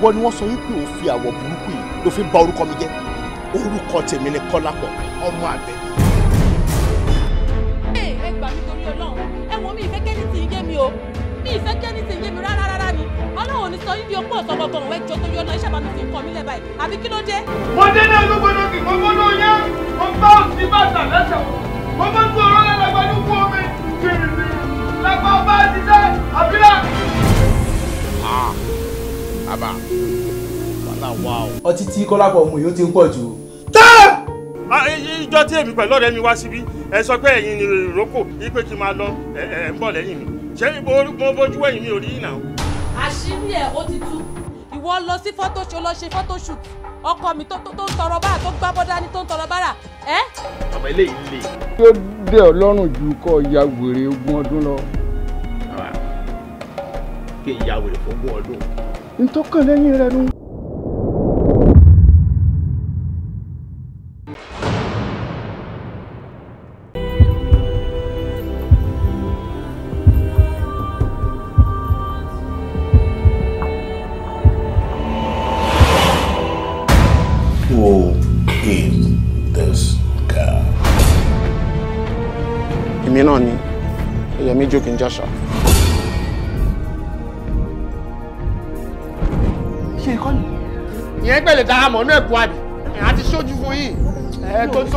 ìwọ ni wọ́n sọ wípé o fi àwọ̀ burúkú yìí ló fi ń ba orúkọ mi jẹ́ orúkọ tèmi ni kọ́lápọ̀ ọmọ àgbẹ̀. ẹ ẹ gbà mí torí Ọlọ́run ẹ wọ mi ìfẹ́ kẹ́ni tí ń yé mi o mi ìfẹ́ kẹ́ni tí ń yé mi rárá rárá ni Ọlọ́run ò ní sọ níbi opó ọ̀sán gbọ̀ngàn òwe jọ torí Ọlọ́run iṣẹ́ bá mi fi nǹkan mi lẹ̀ báyìí àbí kí ló dé. mo dé náà ló gbọdọ̀ kí gbogbo ló yá mo bá òsì bàtà lẹ́sẹ̀ mo bá tó ọ̀rọ̀ lálágbá ní kú omi àbá wàhálà wà o. ọtí tí kọ́lápọ̀ mu yóò ti ń pọ̀ jù. ìjọ tí èmi pẹ̀lú ọ̀rẹ́ mi wá síbí ẹ sọ pé ẹ̀yin ni ìrókò yìí pé kí n máa lọ ẹ̀ ẹ̀ ń bọ̀ lẹ́yìn mi ṣé mo bójú ẹ̀yìn mi ò rí ìnà. àṣírí ẹ̀ ó ti tú ìwọ lọ sí fọ́tòṣù lọ ṣe fọ́tòṣù ọkọ mi tó ń tọrọ bára tó gbá bọ́dá ni tó ń tọrọ bára ẹ́. ọmọ eléyìí le. tí ó dẹ ọlọ́run ju kọ́ ya wèrè ogún ọdún lọ. kí ìyá wèrè fún ogún ọdún. Me toca venir a la luz.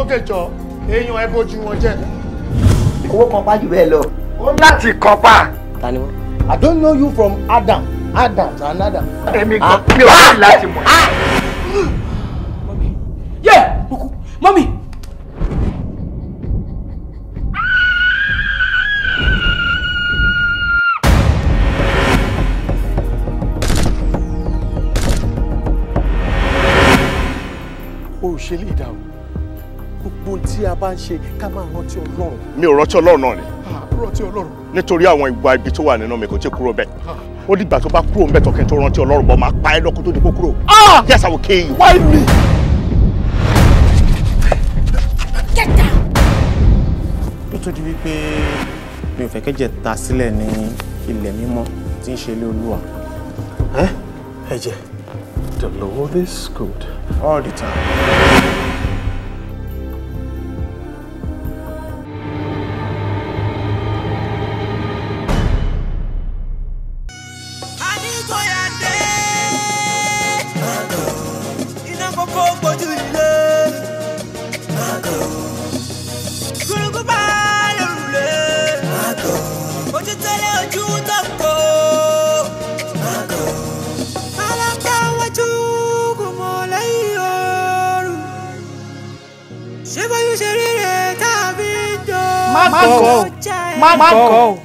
sókè jọ èèyàn ẹ bójú wọn jẹ. owó kan pa jù bẹ́ẹ̀ lọ. ó láti kan pa. ta ni wọn. I don't know you from Adam Adam and Adam. èmi ah. gan mi ò ní láti mọ̀. mọ́mí yẹ́ mọ́mí bá ń ṣe ká máa rántí ọlọ́run. mi ò rántí ọlọ́run náà ni. rántí ọlọ́run. nítorí àwọn ìwà ibi tó wà nínú mi kò tí ì kúrò bẹ́ẹ̀. ó dìgbà tó bá kúrò ńbẹ̀ tọkẹ́ tó rántí ọlọ́run bọ́ máa pa ẹ́ lọ́kùn tó dìbò kúrò. yes I will kill you. why me. get down. ó tó di wípé mi ò fẹ́ kẹ́jẹ̀ ta sílẹ̀ ní ilẹ̀ mímọ́ tí ń ṣe ilé olúwa. ẹ ẹ̀jẹ̀ the lower this gold all the time. gọ̀ ọ́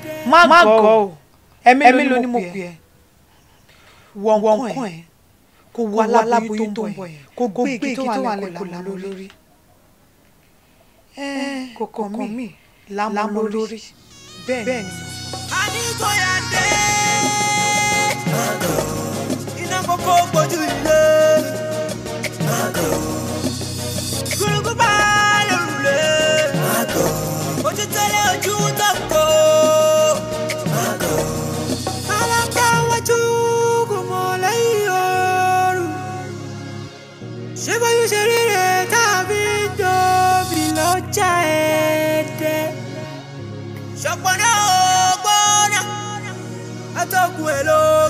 má ló ní mo pè ẹ́ wọ̀n kàn ẹ́ kó wo aláboyún tó ń bọ̀ yẹn kó gbé èké tó wà lẹ́kọ̀ọ́ là lórí kò kàn mí lámú lórí bẹ́ẹ̀ ni. a ní kò dé iná kókó gbójú ilé kúrúkú bá lè ojú tẹ́lẹ̀ ojú tó ń Hello.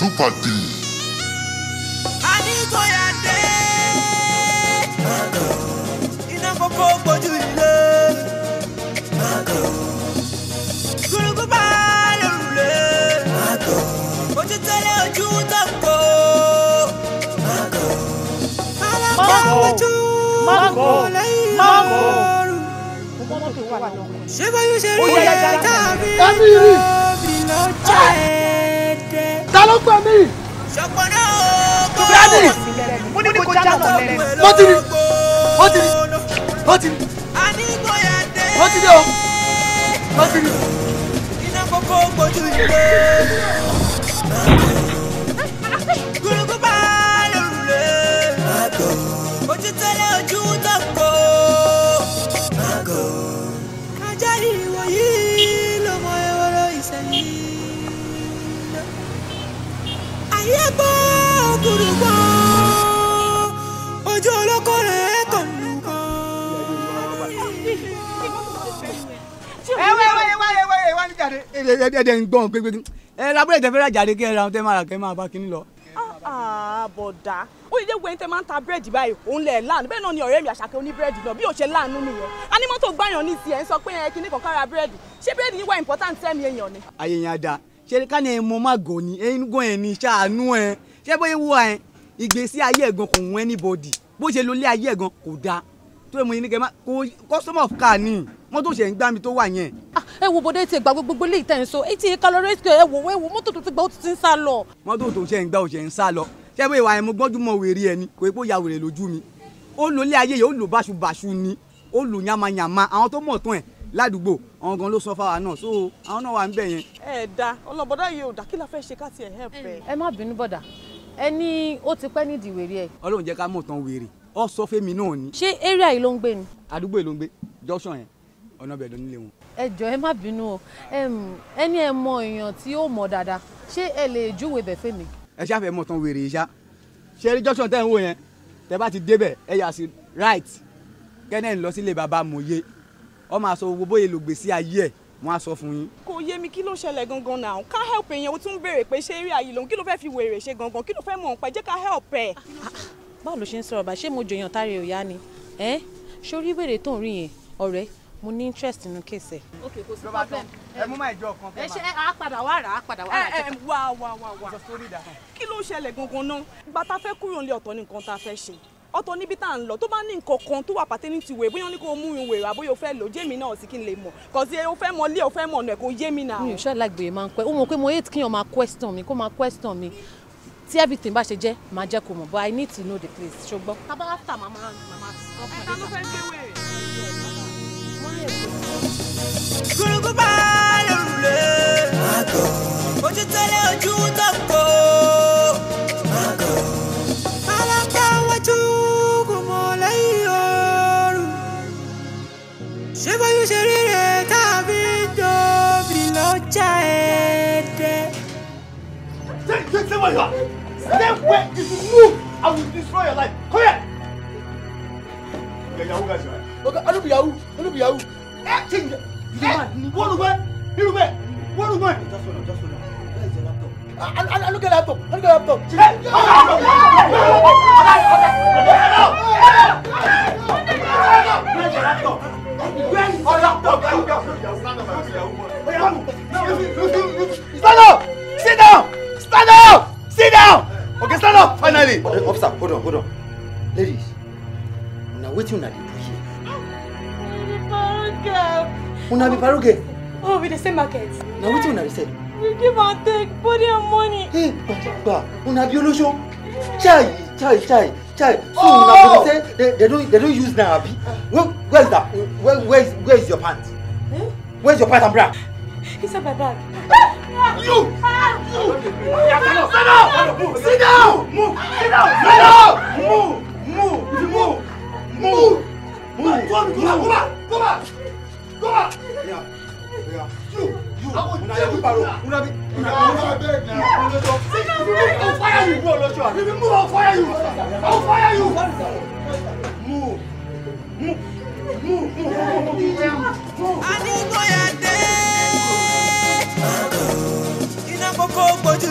Super D. Adikoyade. Iná kókó gbojú ilé. Gúrúgú bá lòrùlé. Ojú tẹ́lẹ̀ ojú tó ń kó. Alákọ̀ọ́jú lẹ́yìn lọ́rùn. Ṣé báyọ̀ ṣe rí ẹ̀ tàbí lóbi lọ́jà ẹ̀? ọkọ mi. ṣọpọnà ooo. dadi mo ní kó jáde ọ̀rẹ́ rẹ. wọ́n ti rí wọ́n ti rí wọ́n ti rí. a ní kò yẹ dé. wọ́n ti rí o wọ́n ti rí. iná gbogbo gbojú ìgbé. ẹ̀dẹ̀ ń gbọ́n pé ẹ lábúlé ìtẹ́fẹ́ rajà lé kí ẹ ra ohun tẹ́ máa rà kẹ́ máa bá kínní lọ. àbọ̀dá ah, ah, ó lè dé wẹ́n tẹ́ máa ń ta búrẹ́dì báyìí òun lẹ̀ láàánú bẹ́ẹ̀ náà ni ọ̀rẹ́ mi àṣàkẹ́ oní búrẹ́dì náà bí ó ṣe láàánú nìyẹn anímọ́tò gbàyàn ní tiẹ̀ ń sọ pé ẹ kí ní kọ̀ọ̀kan ra búrẹ́dì ṣé búrẹ́dì yín wà important sẹ́mi èèyàn ni. ayé yẹn á da ṣe ká ní ẹ mọ má gò ní ẹyin gan ẹ ní ṣàánú ẹ ṣé bóyá wọ ẹ ìgbésí ayé ẹ̀gan kò wọ́n anybody bó ṣe lo ilé ayé ẹ̀gan kò dáa tó ẹ mọ yín ní kẹ́ má kó customer of car mọ́tò ṣẹ̀ ń gbá mi tó wà yẹn. Ah, ẹ wo bòde ti gba gbogbo ilé ìtẹ̀ ń so eighty eight ẹ wò ẹ wò mọ́tò tó ti gba ó ti ń sá lọ. mọ́tò tó ṣẹ̀ ń gbá ó ṣẹ̀ ń sá lọ ṣé ìwà yẹn mo gbọ́njú mọ wèrè ẹni kò é ya wèrè lójú mi ó lò ilé ayé yìí ó lò báṣubàṣu ni ó lò yamayama àwọn tó mọ̀ tán ẹ̀ ládùúgbò àwọn gan ló sọ fáwa náà so àwọn náà wà ń bẹ̀ yẹn. ẹ da ọlọ́bọ̀dá yìí ò dà kí ṣe ká tiẹ̀ help ẹ. ẹ má bínú bọ̀dà ẹni ó ti pẹ́ nídìí wèrè ẹ. ọlọ́run jẹ́ ká mọ̀ tán wèrè ọ sọ fẹ́mi náà ni. ṣé area yìí ni. àdúgbò yìí junction yẹn ọ̀nà bẹ̀rẹ̀ nílé wọn. ẹ jọ ẹ má bínú o ẹni ẹ mọ èèyàn tí ó mọ dáadáa ṣé ẹ lè júwèé bẹ̀ fẹ́mi. ẹ ṣáà fẹ́ mọ̀ tán wèrè iṣá ṣe eré junction tẹ́ ń wò yẹn tẹ́ bá ti débẹ̀ ẹ yà sí right kẹ́nẹ́ lọ sílé bàbá mòye ọ máa sọ gbogbo bóyá lògbèsí ayé ẹ̀ wọ́n á sọ fún yín. kò yé mi kí ló ṣẹlẹ̀ gangan náà ká help èèyàn ó tún béèrè pé ṣé eré ayé lòun kí ló fẹ́ fi wèrè ṣe gangan kí ló fẹ́ mọ̀ ọ́n pẹ́ jẹ́ ká help ẹ̀. báwo ló ṣe ń sọ̀rọ̀ bá ṣé mo jòyàn táre òyá ni ẹ́ wèrè tó ń rí yẹn ọ̀rẹ́ mo ní interest nínú kéèsì ẹ. ok kò sí problem ẹ mú máa ìjọ kan fún wa. ẹ ṣe á padà wá rà á padà wá rà á. ẹ ẹ wá wá wá wá kí ló ń ṣẹlẹ̀ gangan náà ìgbà tá a fẹ́ kúrò nílé ọ̀tọ̀ ní nǹkan tá a fẹ́ ṣe ọ̀tọ̀ níbi tá à ń lọ tó bá ní nǹkan kan tó wà pàtẹ ní tiwèé bóyá ní kò mú un wèrè àbóyá fẹ́ lò jẹmi náà sí kí n lè mọ̀ kọsí o o fẹ́ mọ̀ question mi kó máa question mi tí everything bá ṣe jẹ́ máa jẹ́ kó mọ̀ but i need to know the place ṣùgbọ́n. tábàlá tà máa máa sọ fún mi. ẹ̀ka ló fẹ́ gbé wèrè. Gurugu bá lórúlé. Ojú tẹ́lẹ̀ ojú Stay where you move, I will destroy your life. Come here. Yẹ̀yàwó gàjọ́ ẹ̀ olùbíyàwó olùbíyàwó ẹ ṣe ń jẹ wọlùgbẹ irùgbẹ wọlùgbẹ. alùpùpù laptop alùpùpù laptop. Stand up! Sit down! Stand up! Sit down! Okay, stand up finally! Officer, hold on, hold on. Ladies, now waiting at the Barugam. Una be Barugam? Oh, we the same market. Now what una be said? We give and take body and money. Hey, Bajaba, una be Olosho? Chai, chai, chai, chai. So oh! una be say they, they don't they don't use now, abi? Where, where's that? Where, where is where is your pants? Huh? Where's your pants and bra? Inside my bag. You! You! Sit down! Sit down! Move! Sit down! Sit down! Move! Move! Move! Move! Move! Go back! Go back! Go back! Go back! Yeah. Yeah. You! You! Una ye bi paro. Una bi. Una bi. Una bi. I will fire you, bro, Joshua. If you move, I fire you. I fire you. Move. Move. Move. Move. Move. Move. Move. I need to go there. Ina koko gboju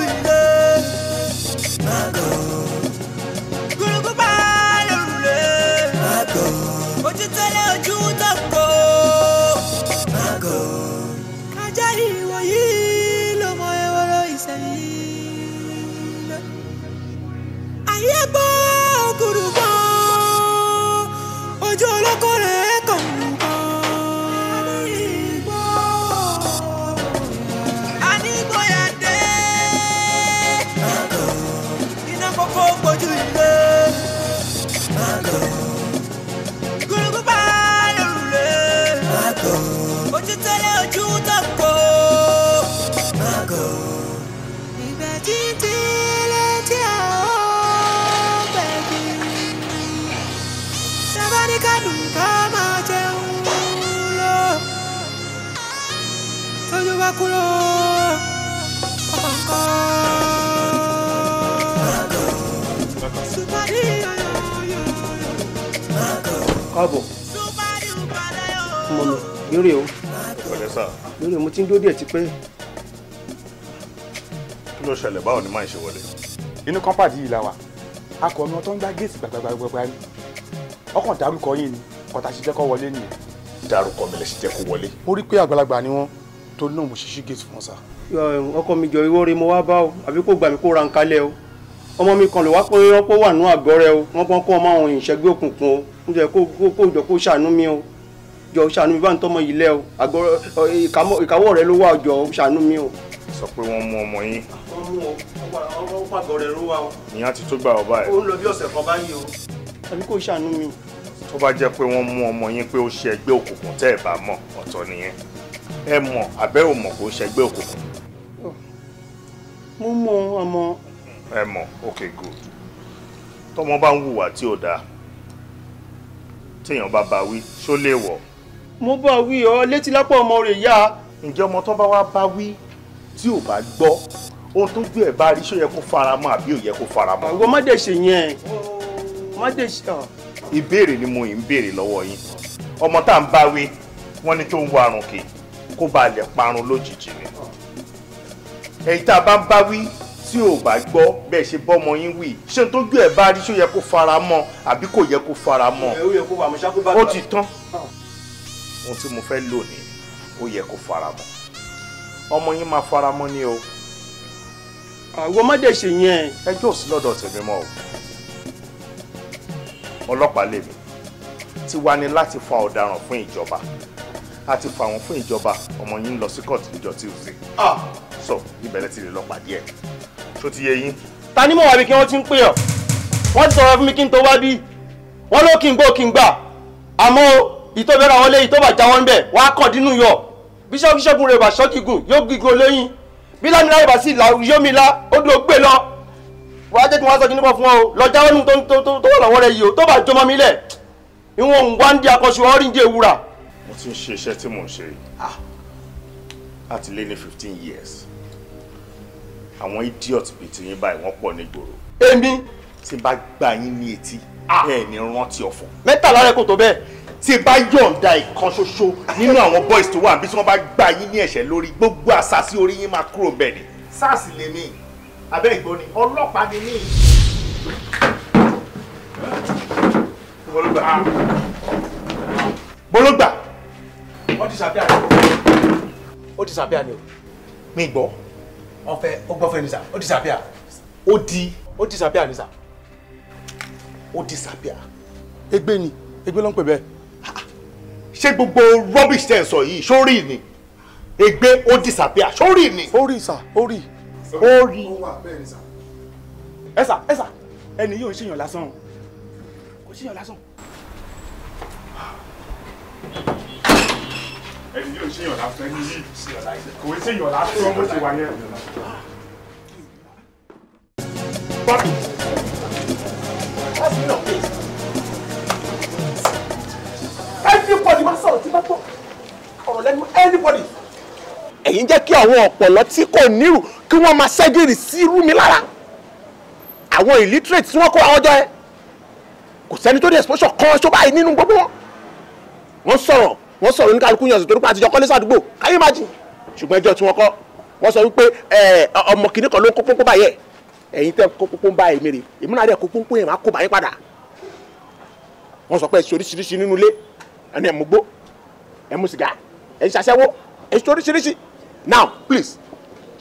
káàbọ̀ ọmọ mi lérè o lérè mo ti ń dóde ẹ̀ ti pẹ́. kí ló ṣẹlẹ̀ báwo ni máa ń ṣe wọlé. inú kọ́ńpàdì yìí la wà akọ̀ ọmọ tó ń gbá géètì gbàgbàgbàgbà ni ọkàn dárúkọ yín ni kọ́tà ṣe jẹ́ kó wọlé nìyẹn. dárúkọ mi lè ṣe jẹ́ kó wọlé. ó rí pé àgbàlagbà ni wọ́n torí náà mo ṣiṣẹ́ géètì fún wọn sá. ọkọ mi jọ ìwọ́re mo wá bá o àbí kó gbà mí kó ra ń kalẹ̀ o ọmọ mi kan ló wá pé wọ́n pọ̀ wà nú àgọ́ rẹ o wọ́n pọ́n kó ọmọ àwọn ìṣẹ́gbẹ́ òkùnkùn o mo jẹ́ kó kó jọ kó ṣàánú mi o jọ ṣàánú mi bá ń tọ́mọ yìí lẹ́ o àgọ́ ìkáwọ́ rẹ ló wà jọ ṣàánú mi o. sọ pé wọ́n mú ọmọ yín. Ah, wọ́n mú ọmọ àgọ́ rẹ ló wà o. ìyá ti tó gbà ọ báyìí. ó ń lọ bí ọ̀sẹ̀ kan báyìí o àbí kó ṣàánú mi. tó bá jẹ́ pé wọ́n mú ọmọ yín pé ó ṣe ẹgbẹ́ òkùnkùn tẹ́ ẹ̀ bá mọ̀ ọ̀tọ̀ nìyẹn ẹ mọ̀ àbẹ́ ò mọ̀ kó ṣẹgbẹ́ òkùnkùn. mo mọ àmọ́ ẹ mọ̀ ok good tọmọ bá ń hùwà tí ò dáa téèyàn bá bá wí ṣó lè wọ̀. mo bá wí ọ létí lápò ọmọ rẹ̀ yá. ǹjẹ́ ọmọ tó bá wá bá wí tí ò bá gbọ́ ohun tó gbé ẹ̀ bá rí ṣó yẹ kó fara mọ́ àbí ò yẹ kó fara mọ́. àwọn má ṣe yẹn má ṣe. Ah. ìbéèrè ni mo yìí ń béèrè lọ́wọ́ yín ọmọ tá à ń bá wí wọ́n ní tó ń wá arùn kì kó ba lè parun lójijì ni èyí tá a bá ń bá wí tí ò bá gbọ́ bẹ́ẹ̀ ṣe bọ́mọ yín wì ṣé n tójú ẹ̀ bá rí ṣó yẹ kó fara mọ́ àbí kò yẹ kó fara mọ́ ó ti tán ohun tí mo fẹ́ lò ní ó yẹ kó fara mọ́ ọmọ yín máa fara mọ́ ni o. àwọn ọmọdé ṣe yẹn. ẹjọ́ ò sí lọ́dọ̀ tèmi mọ́ o ọlọ́pàá lèmi ti wá ní láti fa ọ̀daràn fún ìjọba a ti fà wọ́n fún ìjọba ọmọ yín ń lọ sí court níjọ́ tuesday ah! so ìbẹ̀rẹ̀ ti lè lọ pàdé ẹ̀ ṣó ti yé yín. ta ni mo wà bí kí wọ́n ti ń pè ọ́ wọ́n ti sọ̀rọ̀ fún mi kí n tó wá bí wọ́n ló kí n gbó kí n gbà àmọ́ ìtọ́bẹ̀rẹ̀ àwọn lẹ́yìn tó bà já wọn bẹ̀ wọ́n á kàn dínú yọ bíṣọ́ bíṣọ́gun rẹ̀ bá ṣọ́kìgùn yóò gígun lẹ́yìn bí lámìlá ìbá sí yómìlá ó dúró gbé lọ wàá jẹ́ kí wọ́n á sọ kí nípa fún ọ lọ jáwọ́ tó wà lọ́wọ́ rẹ yìí ó tó bà jọmọ mi lẹ̀ ìwọ̀n ń wá ń di akọ̀ṣù ọ̀rìndì ewúra mo ti ń ṣe iṣẹ́ tí mò ń ṣe ah láti lé ní fifteen years àwọn idiot bíi ti yín báyìí wọ́n pọ̀ nígboro. èmi. tí n bá gbà yín ní etí ah! ẹ ní rántí ọ̀fọ̀. mẹ́tàlá rẹ kò tó bẹ́ẹ̀ tí bá yọ̀ǹda ìkan ṣoṣo nínú àwọn boys tó wà bí tí wọ́n bá gbà yín ní ẹ̀ṣẹ̀ lórí gbogbo àṣàṣì orí yín máa kúrò bẹ́ẹ̀ ni. sars lè mí abẹ́ ìgbó ni ọlọ́pàá ni mí. bológbà bológbà. O disappear ni disappear ni o mi gbọ́ wọn fẹ́ ó gbọ́ ni sà ó disappear O di ó disappear ni sà ó disappear. egbe ni egbe ló ń pè bẹ́ẹ̀. ṣé gbogbo rubbish tẹ̀ ń sọ yìí sórí ni egbe ó disappear sórí ni. ó rí sà ó rí ó rí. ẹ sà ẹ sà ẹni yóò ṣèyàn lásán kò ṣèyàn lásán ẹni yóò ṣèyàn lásán ẹni yìí kò ń ṣèyàn lásán bó ṣe wà yẹn. Bobby, that's not it. Everybody máa sọ̀rọ̀ tí bá tọ̀ ọ̀rọ̀ lẹ́nu everybody. Ẹ̀yin jẹ́ kí àwọn ọ̀pọ̀lọ́ tí kò nírù kí wọ́n máa ṣẹ́gìrì sí irú mi lára. Àwọn illiterate tí wọ́n kó àwọn ọjọ́ ẹ. Kò sẹ́ni tó ní exposure kan ṣó báyìí nínú gbogbo wọn. Wọ́n sọ̀rọ̀ wọ́n sọ̀rọ̀ oníkálukú yànjú torí pé àtijọ́ kọ́lé sàdúgbò káyé má jì ṣùgbọ́n ẹjọ́ tí wọ́n kọ́ wọ́n sọ wípé ọmọ kìnìún kan ló ń kó pọ́npọ́n báyẹ̀ ẹ̀yin tẹ́ kó pọ́npọ́n bá èmi rè èmi náà rẹ̀ kó pọ́npọ́n yẹn máa kó báyìí padà wọ́n sọ pé ẹ̀sìn oríṣiríṣi nínú ilé ẹni ẹ̀mú gbó ẹ̀mú sìgá ẹ̀yin ṣàṣẹ́wó ẹ̀sìn oríṣiríṣi now please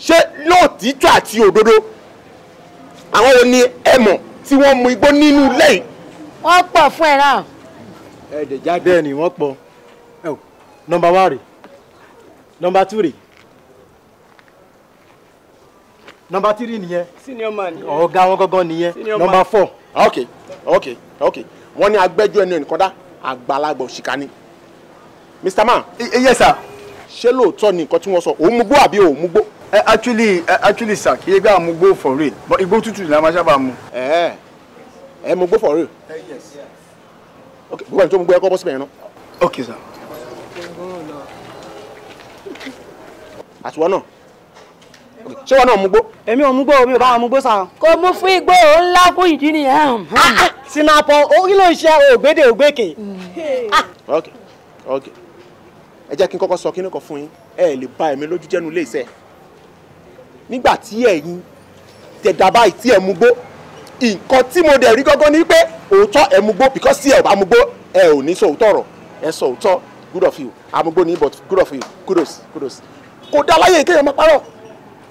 ṣé lóòtítọ́ àti òdodo àwọn wo ni ẹ mọ̀ tí wọ́n mu igbó nínú ilé yìí. wọ́n pọ̀ fún ẹ náà. ẹ̀ẹ́dẹ̀ jáde ni wọ́n pọ̀. Number one number nọmba two rè three nìyẹn senior man nìyẹn ọ̀gá wọn gangan nìyẹn Number four. ok ok ok wọ́n ní agbẹ́jọ́ ẹni ẹnìkan dá àgbàlagbà òṣìkà ni mr man. yes sir. ṣé lóòótọ́ ni nǹkan tí wọ́n sọ òun mugbó àbí òun mugbó. ẹ eh, actually ẹ eh, actually sir kì í gbé àwọn mugbó for real but igbó tútù la máa ṣábà mu. ẹ eh, ẹ mugbó for real. yes. ok gbogbo ẹni tó mugbó ẹ kọ́ bọ́ síbẹ̀ yẹn náà. ok sir. àtiwọ́ náà ṣé wọn náà mú gbó. èmi ò mú gbó mi ò bá wọn mú gbó sàn. kò mú fún igbó ńlá fún ìdí nìyẹn. Ah, sinapo orí ló ń ṣe ògbédè ògbékè. Hmm. Ah. ok ok ẹ jẹ́ kí n kọ́kọ́ sọ kí n kọ́ fún yín ẹ lè ba ẹ̀mí lójú jẹ́nu lé iṣẹ́ nígbà tí ẹ̀yin tẹ̀dá báyìí tí ẹ̀ mú gbó nǹkan tí mo dẹ̀ rí gọ́gọ́ ni pé òótọ́ ẹ̀ mú gbó because tí ẹ̀ bá mú gbó ẹ ò ní sọ òótọ́ ọ̀rọ̀ ẹ sọ òótọ́ good of you àmúgbó ni but good of you kudos kudos kò dá láyé kéèyàn máa parọ́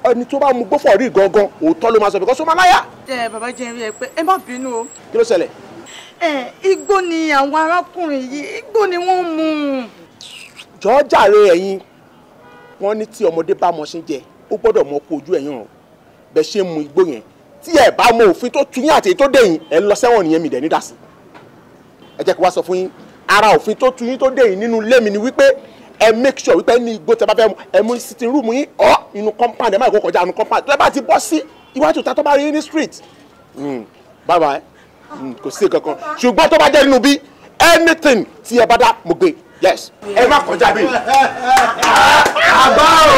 ẹni tó bá mu gbófò rí gangan òótọ́ ló máa sọ because ó máa láyà. ẹ bàbá jẹ ẹ pé ẹ má bínú o. kí ló ṣẹlẹ̀. ẹ igbó ni àwọn arákùnrin yìí igbó ni wọ́n mú. jọ́jàre ẹ̀yin wọ́n ní tí ọmọdé bá mọṣin jẹ ó gbọ́dọ̀ mọ kó ojú ẹ̀yìn ọ̀hún bẹ́ẹ̀ ṣe mu igbó yẹn tí ẹ bá mọ òfin tó tún yín àti èyí tó dé yín ẹ lọ sẹ́wọ̀n nìyẹn mi dẹ̀ ní dàsí. ẹ jẹ́ kí wá sọ fún yín ara òfin tó tún yín tó dé yín nínú ilé mi ni wípé ẹ make sure wípé ní igbó tẹ bá fẹ́ mu ẹ mú sitting room yín ọ inú compound ẹ má kó kọjá inú compound tẹ bá ti bọ́ sí iwájú ta tó bá rí yín ní street hmm, bye bye hmm, kò sí kankan ṣùgbọ́n tó bá jẹ́ nínú bí anything tí ẹ bá dá mo gbé yes ẹ má kọjá bí. àbá o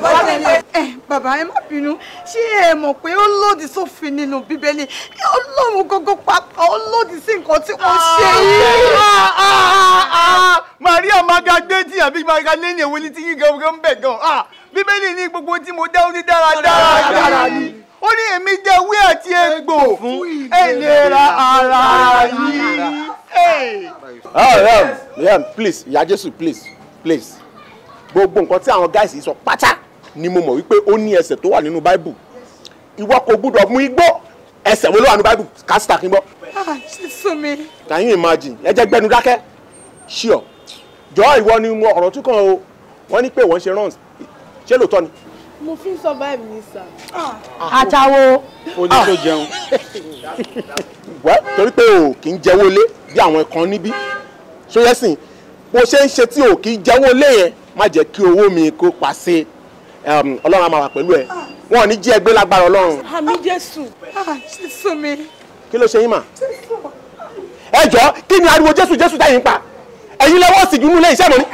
bàbá yẹn ni ẹ bàbá ẹ má bínú ṣé ẹ mọ̀ pé ó lòdì sófin nínú bíbélì eh, ọlọ́run gógó papọ̀ ó lòdì sí nǹkan tí wọ́n ah, ṣe yìí. Ah, ah, Maria maga gbẹ́jì àbí maga lẹ́yìn èwo ni tí yín gan-an bẹ̀ gan-an bíbélì ní gbogbo tí mo dá ní dáradára ni ó ní èmi jẹ́ ewé àti egbò fún ìlera ara yìí. Liam, um, Liam, um, please, ìyá Jésù, please, please. Gbogbo nǹkan tí àwọn guys sọ pátá ni mo mọ̀ wípé ó ní ẹsẹ̀ tó wà nínú báíbù ìwọ kò gbúdọ̀ mú igbó ẹsẹ̀ wo ló wà nínú báíbù kásítà kí n gbọ́. sísun ah, mi. can you imagine ẹ jẹ́ gbẹnu dákẹ́ ṣíọ jọ ìwọ ni mo ọ̀rọ̀ tún kàn o wọ́n ní pé wọ́n ṣe runs ṣé lóòótọ́ ni. mo fi ń sọ báyìí mi sà. Ah. àtàwo. o ní tó jẹun. wẹ́ torí pé o kì í jẹ́wọ́ lé bí àwọn kan níbí sóyẹ́sìn bó ṣe ń ṣe tí o kì í jẹ́wọ́ lé yẹn má jẹ́ kí owó mi kó pa sí i. Um, ọlọ́run á máa wà pẹ̀lú ẹ wọn ò ní jí ẹgbẹ́ lágbára ọlọ́run. àmín jésù ah, jésù mi. kí ló ṣe yín mà. ẹ jọ kí ni ariwo jésù jésù táyì ń pa ẹ̀yin lọ́wọ́ sì jùlọ ilé iṣẹ́ mọ́ ni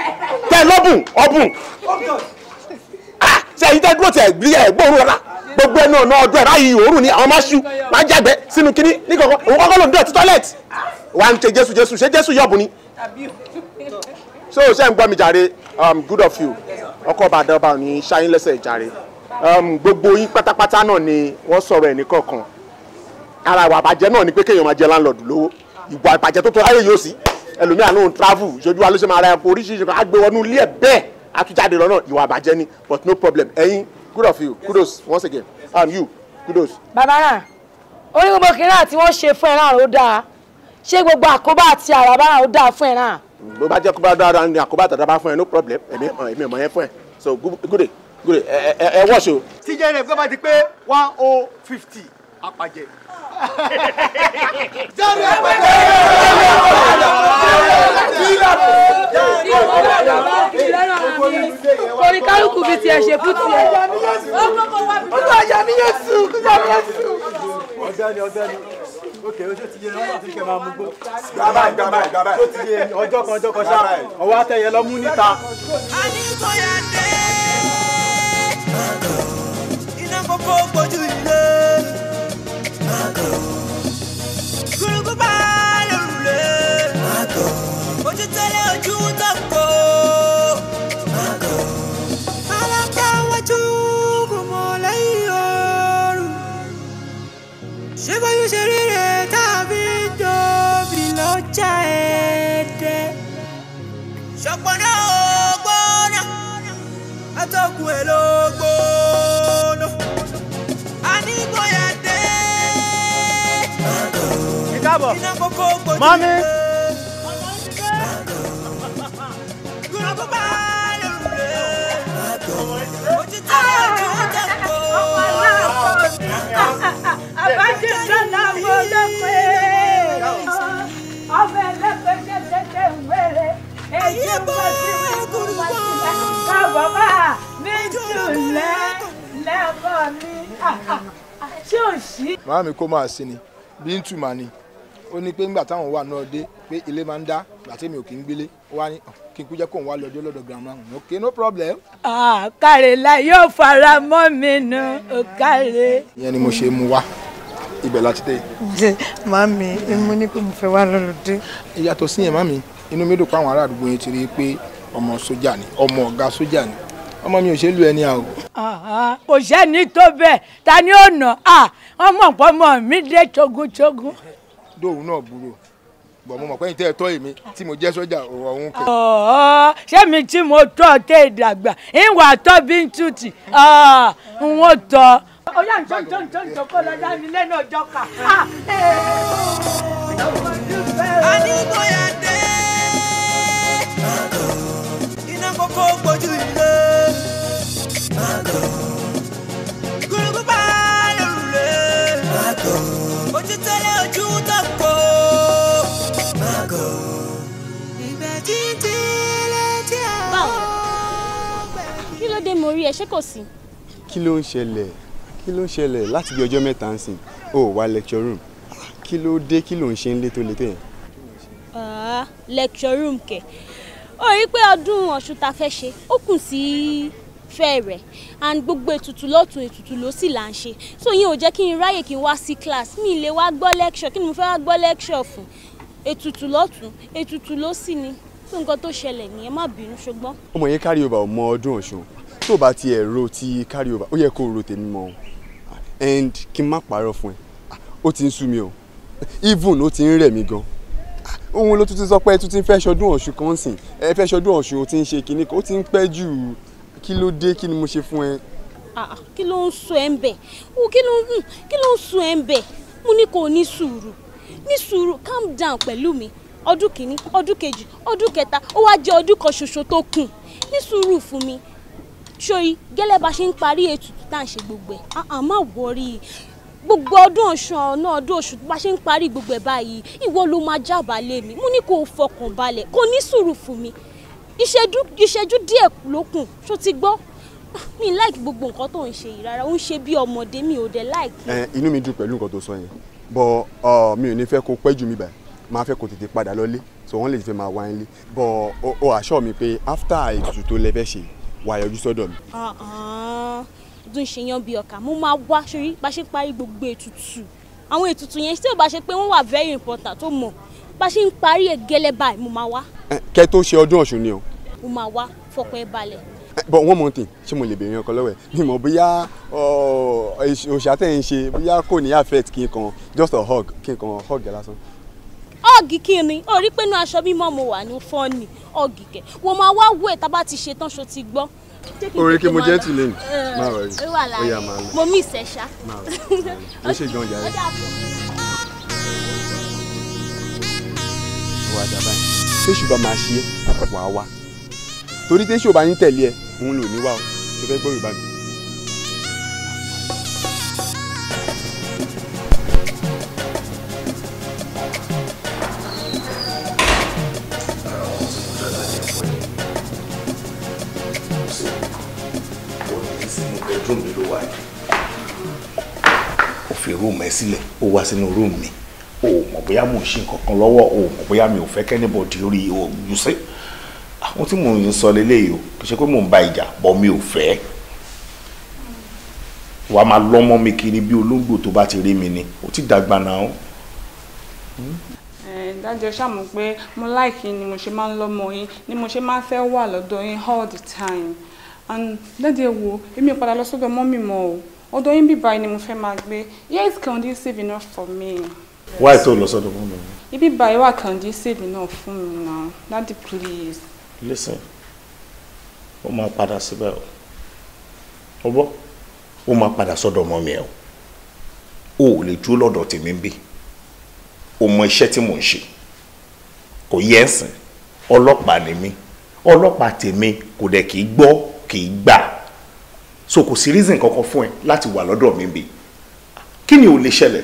tẹ lọ́bùn ọ̀bùn ah, ṣe èyí tẹ dúró tẹ gbóòórùn ọ̀la gbogbo ẹnu ọ̀nà ọdún ẹ̀ báyìí òórùn ni àwọn máa ṣu máa jàgbẹ́ sínú kínní ní kọ̀ọ̀kan òun kọ́kọ́ ló ń dọ̀tí tọ́lẹ̀tì wà ń ṣe jésù jésù ṣe jésù yọ̀bù ni so ṣe ń gbọ́ mi jàre um, good of you ọkọ̀ ìbàdàn ọba ò ní ṣáyín lẹ́sẹ̀ ìjàre um, gbogbo yín pátápátá náà ni wọ́n sọ̀rọ̀ ẹ̀ ní kọ̀ọ̀kan ara ìwà àbàjẹ́ náà ni pé kéèyàn máa jẹ láńlọ́ọ̀dù lówó ìwà ìbàjẹ́ tó tó ayé yóò sí ẹlòmíà ló ń travel ìṣojú wa ló ṣe máa ra ẹ̀kọ́ oríṣiríṣi kan á gbé wọnú ilé ẹ̀ bẹ́ẹ̀ á tún jáde lọ́nà ìwà àbàjẹ́ ni but no problem ẹ̀yin good of you kudos once again and you kudos. bàbá náà orí gbogbo kìnìún àti wọ́n ṣe fún ẹ̀ràn ó dáa ṣé gbogbo àkóbá àti àràbá ó dáa fún ẹ̀ràn bó bá jẹ́ kó bá dára ni àkóbá tàdá bá fún ẹ no problem èmi mọ̀ èmi mọ̀ yẹn fún ẹ so gúdè gúdè ẹ ẹ wọ́ọ̀ṣù. tíjẹ́ ti pé one oh fifty apàjẹ́. jẹ́rìí apàjẹ́ torí kálukú bíi tiẹ̀ ṣe fún tiẹ̀. ọjọ́ àjà ni yéésù ọjọ́ àjà ọjọ́ ni ọjọ́ ni òkè ojú ti yẹ nọ́mbà tí kẹ máa mú gbó. gbàbá gbàbá gbàbá. tó ti yẹ ọjọ́ kan ọjọ́ kan ṣáà ọwọ́ àtẹ̀yẹ lọ mú níta. a ní sọyà dé iná gbogbo gbojú ilé gurugu bá lè rúlé ojú tẹ́lẹ̀ ojú tẹ́lẹ̀. káàbọ̀. mami. àbájá sọ́nà dùn lẹ́ẹ̀kọ́ mi ṣé ò sí. màmá mi kó máa ṣe ni bíntù mà ni ó ní pé ńgbà táwọn wà náà dé pé ilé máa ń dá gbà tèmi ò kì í gbélé wá ní kí n kú jẹ́ kóun wá lọ́jọ́ lọ́dọ̀ grandma òun ok no problem. àkàrẹ̀lá yóò fara mọ́ mi nu òkàrẹ̀. ìyẹn ni mo ṣe mú wá ibẹ̀ láti dé. màmí mo ní kó mo fẹ́ wá lọ́dọ̀ dé. ìyàtọ̀ sí yẹn màmí inú mi dùn pé àwọn ará àdúgbò yẹn ti rí i pé ọmọ sójà ni ọmọ ọ̀gá sójà ni ọmọ mi ò ṣe lu ẹni àwò. kò sẹ́ni tó bẹ́ẹ̀ ta ni ó nà ọmọ pọ́mọ mi dé tsogun dóòwù náà burú bọ̀ mo mọ̀ pé ìtẹ́ ẹ̀tọ́ èmi tí mo jẹ́ sójà ọ̀hún kẹ. ṣé mi tí mo tọ́ tẹ́ ìdàgbà ìwà tọ́ bí ń tutì n ó tọ́. ó ń tó ń tó ń tó kó lọ dá lẹ́nu ọjọ́ kà. ṣẹlẹ̀ ṣé kò sí. kí ló ń ṣẹlẹ̀ kí ló ń ṣẹlẹ̀ láti bí ọjọ́ mẹ́ta ń sìn ó wá lecture room kí ló dé kí ló ń ṣe ń lé tó yẹn. Ah, lecture room kẹ ó rí pé ọdún ọ̀ṣun ta fẹ́ ṣe ó kù sí fẹ́ rẹ̀ and gbogbo ètùtù lọ́tún ètùtù ló sì là ń ṣe so yín ò jẹ́ kí n ráyè kí n wá sí class mi lè wá gbọ́ lecture kí ni mo fẹ́ wá gbọ́ lecture fún ètùtù lọ́tún ètùtù ló sì ni nǹkan tó ṣẹlẹ̀ nìyẹn má bínú ṣùgbọ́n. ọmọ yẹn carry over ọmọ ọdún ọ̀ṣun tó bá tiẹ̀ ro ti carry over ó yẹ kó ro tèmi mọ́ and kí n má parọ́ fún ẹ ó ti ń sú mi o even ó ti ń rẹ̀ mí gan òun ló tún ti sọ pé tún ń fẹ́ ṣọdún ọ̀ṣun kan sìn ẹ fẹ́ ṣọdún ọ̀ṣun ó ti ń ṣe kinní kan ó ti ń pẹ́ jù kí ló dé kí ni mo ṣe fún ẹ. Ah, ah, kí ló ń sọ ẹ ń bẹ kí ló ń hmm, sọ ẹ ń bẹ mo ní kó o ní sùúrù ní sùúrù calm down pẹ̀lú mi ọdún kìíní ọdún kejì ọdún kẹta ó wá jẹ́ ọdún kan ṣoṣo tó kù ní sùúrù fún mi ṣòyí gẹ́lẹ́ bá ṣe ń parí ètùtù tá à ń ṣe gbogbo ẹ̀ àmọ́ ah, ah, wọrí gbogbo ọdún ọ̀sán ọ̀nà ọdún oṣù bá ṣe ń parí gbogbo ẹ̀ báyìí ìwọ ló máa jábàálẹ̀ mi mo ní kó o fọkàn balẹ̀ kó o ní sùúrù fún mi ìṣẹ́jú díẹ̀ ló kù ṣó ti gbọ́ ah, mi like gbogbo nǹkan tó ń ṣe yìí rárá ó ń ṣe bí ọmọdé mi ò dé like. ẹ inú mi dùn pẹ̀lú nǹkan tó sọ yẹn bọ mi ò ní fẹ́ kó pẹ́ jù mí báyìí máa fẹ́ kó tètè padà lọ́lé so wọ́n lè fẹ́ máa wá ilé bọ o àṣọ mi pé after ètùtù tó lẹ fẹ́ ṣe yìí wà á yọjú sọ́dọ̀ mi. Uh-uh. dùn ṣe yan bí ọkà mo máa wá sórí bá ṣe parí gbogbo ètùtù àwọn ètùtù yẹn tí ò bá ṣe pé wọ́n wà very important tó mọ̀ bá ṣe ń parí ẹ̀ gẹ́lẹ́ báyìí mo máa wá. kẹ́ tó ṣe ọdún ọ̀ṣun ni o. mo máa wá fọkàn ẹ balẹ̀. but one more thing ṣé mo lè béèrè ọkọ lọ́wọ́ ẹ̀ mi mọ̀ bóyá uh, òṣà tẹ̀ ń ṣe bóyá kò ní affect kí n kan just a hug kí n kan hug ẹ lásán ọ̀gì kí ni ó rí pé inú aṣọ mímọ́ mo wà ní fọ́ọ̀nì ọ̀gì kẹ̀ wọ́n máa wá wú ẹ̀ tá bá ti ṣe tán ṣo ti gbọ́. orin kí mo jẹ́ tù lé ní máa yìí ó yà máa lọ mo mí ìṣẹ́ ṣá. ó ṣe gan jàre. wà á dábàá tẹ́sù bá máa ṣe é wà á wá torí tẹ́sù bá ń tẹ̀lé ẹ òun lò ní wà ó ṣe fẹ́ gbọ́ Yorùbá mi. rúùmù ẹ sílẹ̀ ó wá sínú rúùmù mi o mọ̀ bóyá mò ń ṣe nǹkan kan lọ́wọ́ o mọ̀ bóyá mi ò fẹ́ kẹ́nìbọ̀dì orí o you àwọn tí mò ń sọ leléyìí o kì í ṣe pé mò ń ba ìjà bọ́ mi ò fẹ́ wàá máa lọ́mọ mi kiri bí olóńgbò tó bá ti rí mi ni ó ti dàgbà náà. dájọ ṣàmù pé mo láìkí ni mo ṣe máa ń lọ́mọ yín ni mo ṣe máa ń fẹ́ wà lọ́dọ̀ yín all the time and dáde wo èmi padà lọ sọ́dọ̀ mọ́mì mọ́ o ọ̀dọ̀ yín bíbá ni mo fẹ́ máa gbé here is conducive enough for me. why tó lọ sọ́dọ̀ fún mi. ibi báyìí wà conducive enough fún mi now daddy please. listen ó máa padà síbẹ̀ o ó bọ́ ó máa padà sọ́dọ̀ ọmọ mi ẹ̀ o ò lè dúró lọ́dọ̀ tèmi bí o mọ iṣẹ́ tí mò ń ṣe kò yẹ ẹ̀sìn ọlọ́pàá ni mí ọlọ́pàá tèmi kò dẹ̀ kì í gbọ́ kì í gbà so kò sí reason kankan fún ẹ láti wà lọ́dọ̀ mi bi kí ni ò lè ṣẹlẹ̀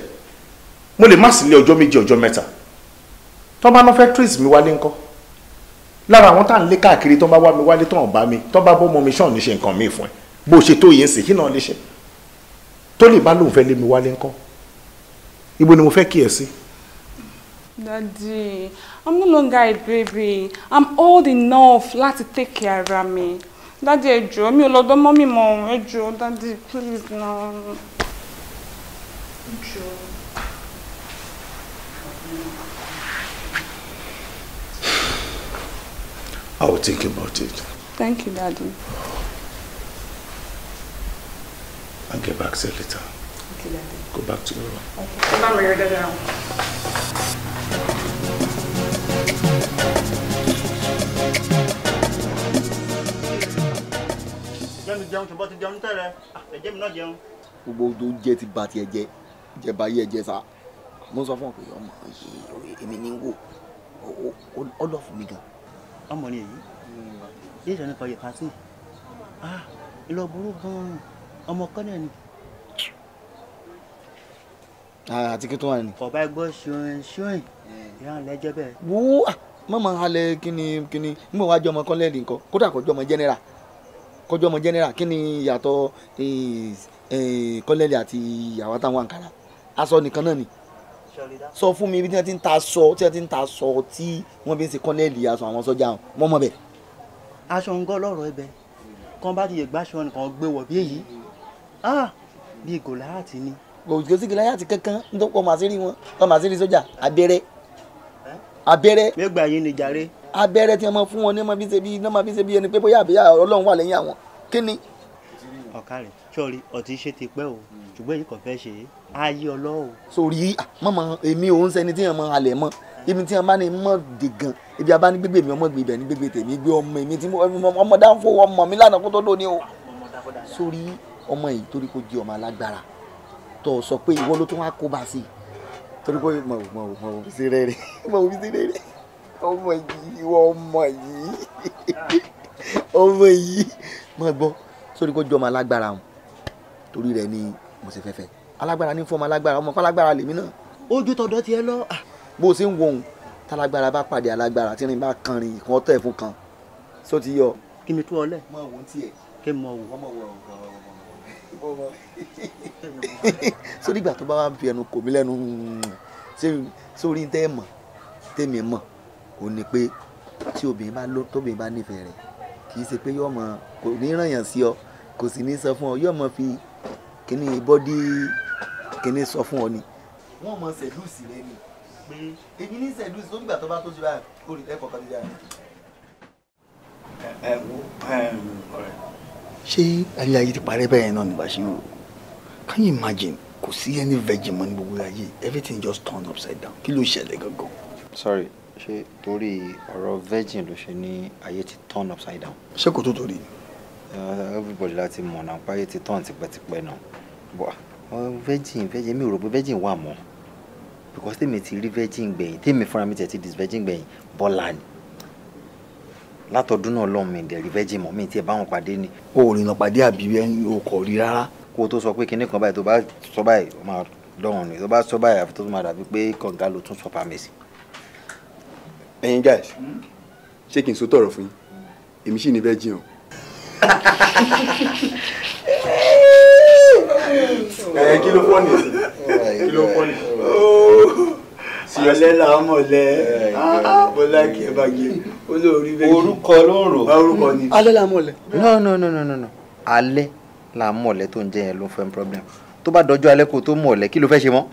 mo lè má sílé ọjọ́ méjì ọjọ́ mẹ́ta tó bá ná fẹ́ trace mi wálé ńkọ́ lára àwọn tá à ń lé káàkiri tó bá wá mi wálé tó ń bá mi tó bá bọ́ mọ mi ṣàn ní ṣe nǹkan míì fún ẹ bó ṣe tó yẹn sì kí náà lè ṣe tó lè bá lóun fẹ́ lé mi wálé ńkọ́ ibo ni mo fẹ́ kí ẹ sí. Daddy, I'm no longer a baby. I'm old enough láti take care ara mi. Daddy, ẹ jọ̀ọ́ mi Lord, don't mommy mom. mọ́ ọ̀hún Daddy. please no. I will think about it. Thank you, Daddy. I'll get back to you later. Okay, Daddy. Go back to your room. Okay. Come on, Daddy. mi jẹun ṣùgbọ́n ti jẹun tẹ́lẹ̀ ah, ẹ̀jẹ̀ mi náà jẹun. gbogbo tó jẹ ti ba tiẹ̀ jẹ jẹba yẹ jẹ sa mo sọ fún ọ pé ọmọ yìí èmi ní wò ó lọ fún mi gan. ọmọ ni èyí yé ìṣẹ́ nípa yẹ̀ká sí ah, ìlọ burú gan-an ọmọ kan náà ni. Ah, àti kí tó wà ní. ọba ẹgbọ́ ṣoyin ṣoyin eh. ìyá ọ̀lẹ́jẹ́ bẹ́ẹ̀. wúwà mọ̀mọ́ halẹ̀ kíni kíni nígbà wàá jọ ọmọ kan lẹ́ẹ̀dì nǹkan kódà kó ọmọ jẹ́nẹ́ra kọjú ọmọ general kí ni ìyàtọ̀ eh, kọ́lẹ́lì àti ìyàwó táwọn àǹkàrà aṣọ nìkan náà ni sọ fún mi ibi tí wọ́n ti ń ta aṣọ tí wọ́n ti ń ta aṣọ tí wọ́n fi ń ṣe kọ́lẹ́lì aṣọ àwọn sọ́jà wọ́n mọ̀ bẹ́ẹ̀. aṣọ ń gọ́ lọ́rọ̀ ẹbẹ̀ kan bá ti yẹ gbàṣọ nìkan gbé wọ̀ bí èyí ah, bí gòláàtì ni. kò sí gòláàtì kankan nítorí wọn màá sí rí wọn wọn màá sí rí sọ́jà abẹ́rẹ́ yín ni jàre abẹ́rẹ́ tí wọ́n máa fún wọn ní wọ́n fi ṣe bí iná máa fi ṣe bí ẹni pé bóyá àbíyá ọlọ́run wà lẹ́yìn àwọn kí ni. ọ̀kàrẹ̀ sọ̀rí ọ̀tí ṣe ti pẹ́ o ṣùgbọ́n èyí kò fẹ́ ṣe é ayé ọlọ́run. sórí mọ̀mọ́ èmi òun sẹ́ni tí wọ́n máa halẹ̀ mọ́ ibi tí wọ́n bá ní mọ́ de gan ibi abá ní gbégbé mi ọmọ gbé ibẹ̀ ní gbégbé tèmi gbé ọmọ èmi tí ọmọ dáńfó ọmọ mi lánàá kó tó lóní o. sórí ọmọ yìí torí kó jẹ́ ọmọ alágbára tó sọ pé ìwọ ló tún wá kó bá sí i torí kó mọ̀ mọ̀ mọ̀ sí rere mọ̀ sí rere ọmọ yìí ìwọ ọmọ yìí ọmọ yìí máa gbọ́ sórí kó jọmọ alágbára hàn torí rẹ ni mo ṣe fẹ́fẹ́ alágbára ní fọmọ alágbára ọmọ alágbára lèmi náà. ojú tọdọ tiẹ lọ. Ah, bó o ṣe ń wo òun tálágbára bá pàdé alágbára tí rìn bá kan rìn ìkan tẹ̀ fún kan só ti yọ. kí mi tún ọ lẹ. mọ òun tiẹ. kí mọ òun. ọmọ wọ ọmọ sórí ìgbà tó bá wà ń fi ẹnu kò mí lẹ́nu sórí tẹ́ mọ̀ tẹ́mi mọ̀ ò ní pé tí obìnrin bá ló tóbìnrin bá nífẹ̀ẹ́ rẹ̀ kì í ṣe pé yọ̀ọ́ mọ kò ní ràn yàn sí ọ kò sì ní sọ fún ọ yọ̀ọ́ mọ fi kíní bọ́dí kíní sọ fún ọ ni. wọ́n mọ sẹ̀dúùsì rẹ ni èmi ní sẹ̀dúùsì tó nígbà tó bá tó ṣe báyìí ó rí ẹ̀kọ́ kan dídára. ẹ ṣé ayé ayé ti parẹ́ bẹ́ẹ̀ náà nígbà ṣe ń rò can you imagine kò sí any virgin mọ́ ní gbogbo ayé everything just turned upside down kí ló ṣẹlẹ̀ gangan. sorry ṣé torí ọ̀rọ̀ virgin ló ṣe ní ayé ti turn upside down. ṣé kò tó torí. everybody láti mọ̀ náà pé ayé ti turn tipẹ́tipẹ́ náà bọ́ virgin virgin mi ò rò pé virgin wà mọ́ because tèmi ti rí virgin gbẹ̀yìn tèmi fúnra mi tẹ̀ ti dis virgin gbẹ̀yìn bọ́lá ni látọdún náà lọ́mọ mi dẹ̀ rí virgin mọ́ mi tiẹ̀ báwọn pàdé ni. o ò rìnnà pàdé àbí o kò rí rárá. kó o tó sọ pé kinní kan báyìí tó bá sọ báyìí ó máa dọ̀hún ni tó bá sọ báyìí àfi tó máa dàbí pé kọ̀ǹgá ló tún sọ pàmì sí ẹ̀yin guys ṣé kí n so tọrọ fún yín èmi sì ní bẹ́ẹ̀ jiyàn. ẹ kí ló fọ́ ni kí ló fọ́ ni. ọlẹ́ la mọ̀lẹ́ bọ́lá kí ẹ bá jẹ olórí bẹ́ẹ̀ jẹ orúkọ lóòrò orúkọ ni. alẹ́ la mọ̀lẹ́. no no no no no alẹ́ la mọ̀lẹ́ tó ń jẹ yẹn ló ń fẹ́ problem tó bá dọjọ́ alẹ́ kó tó mọ̀lẹ́ kí ló fẹ́ ṣe mọ́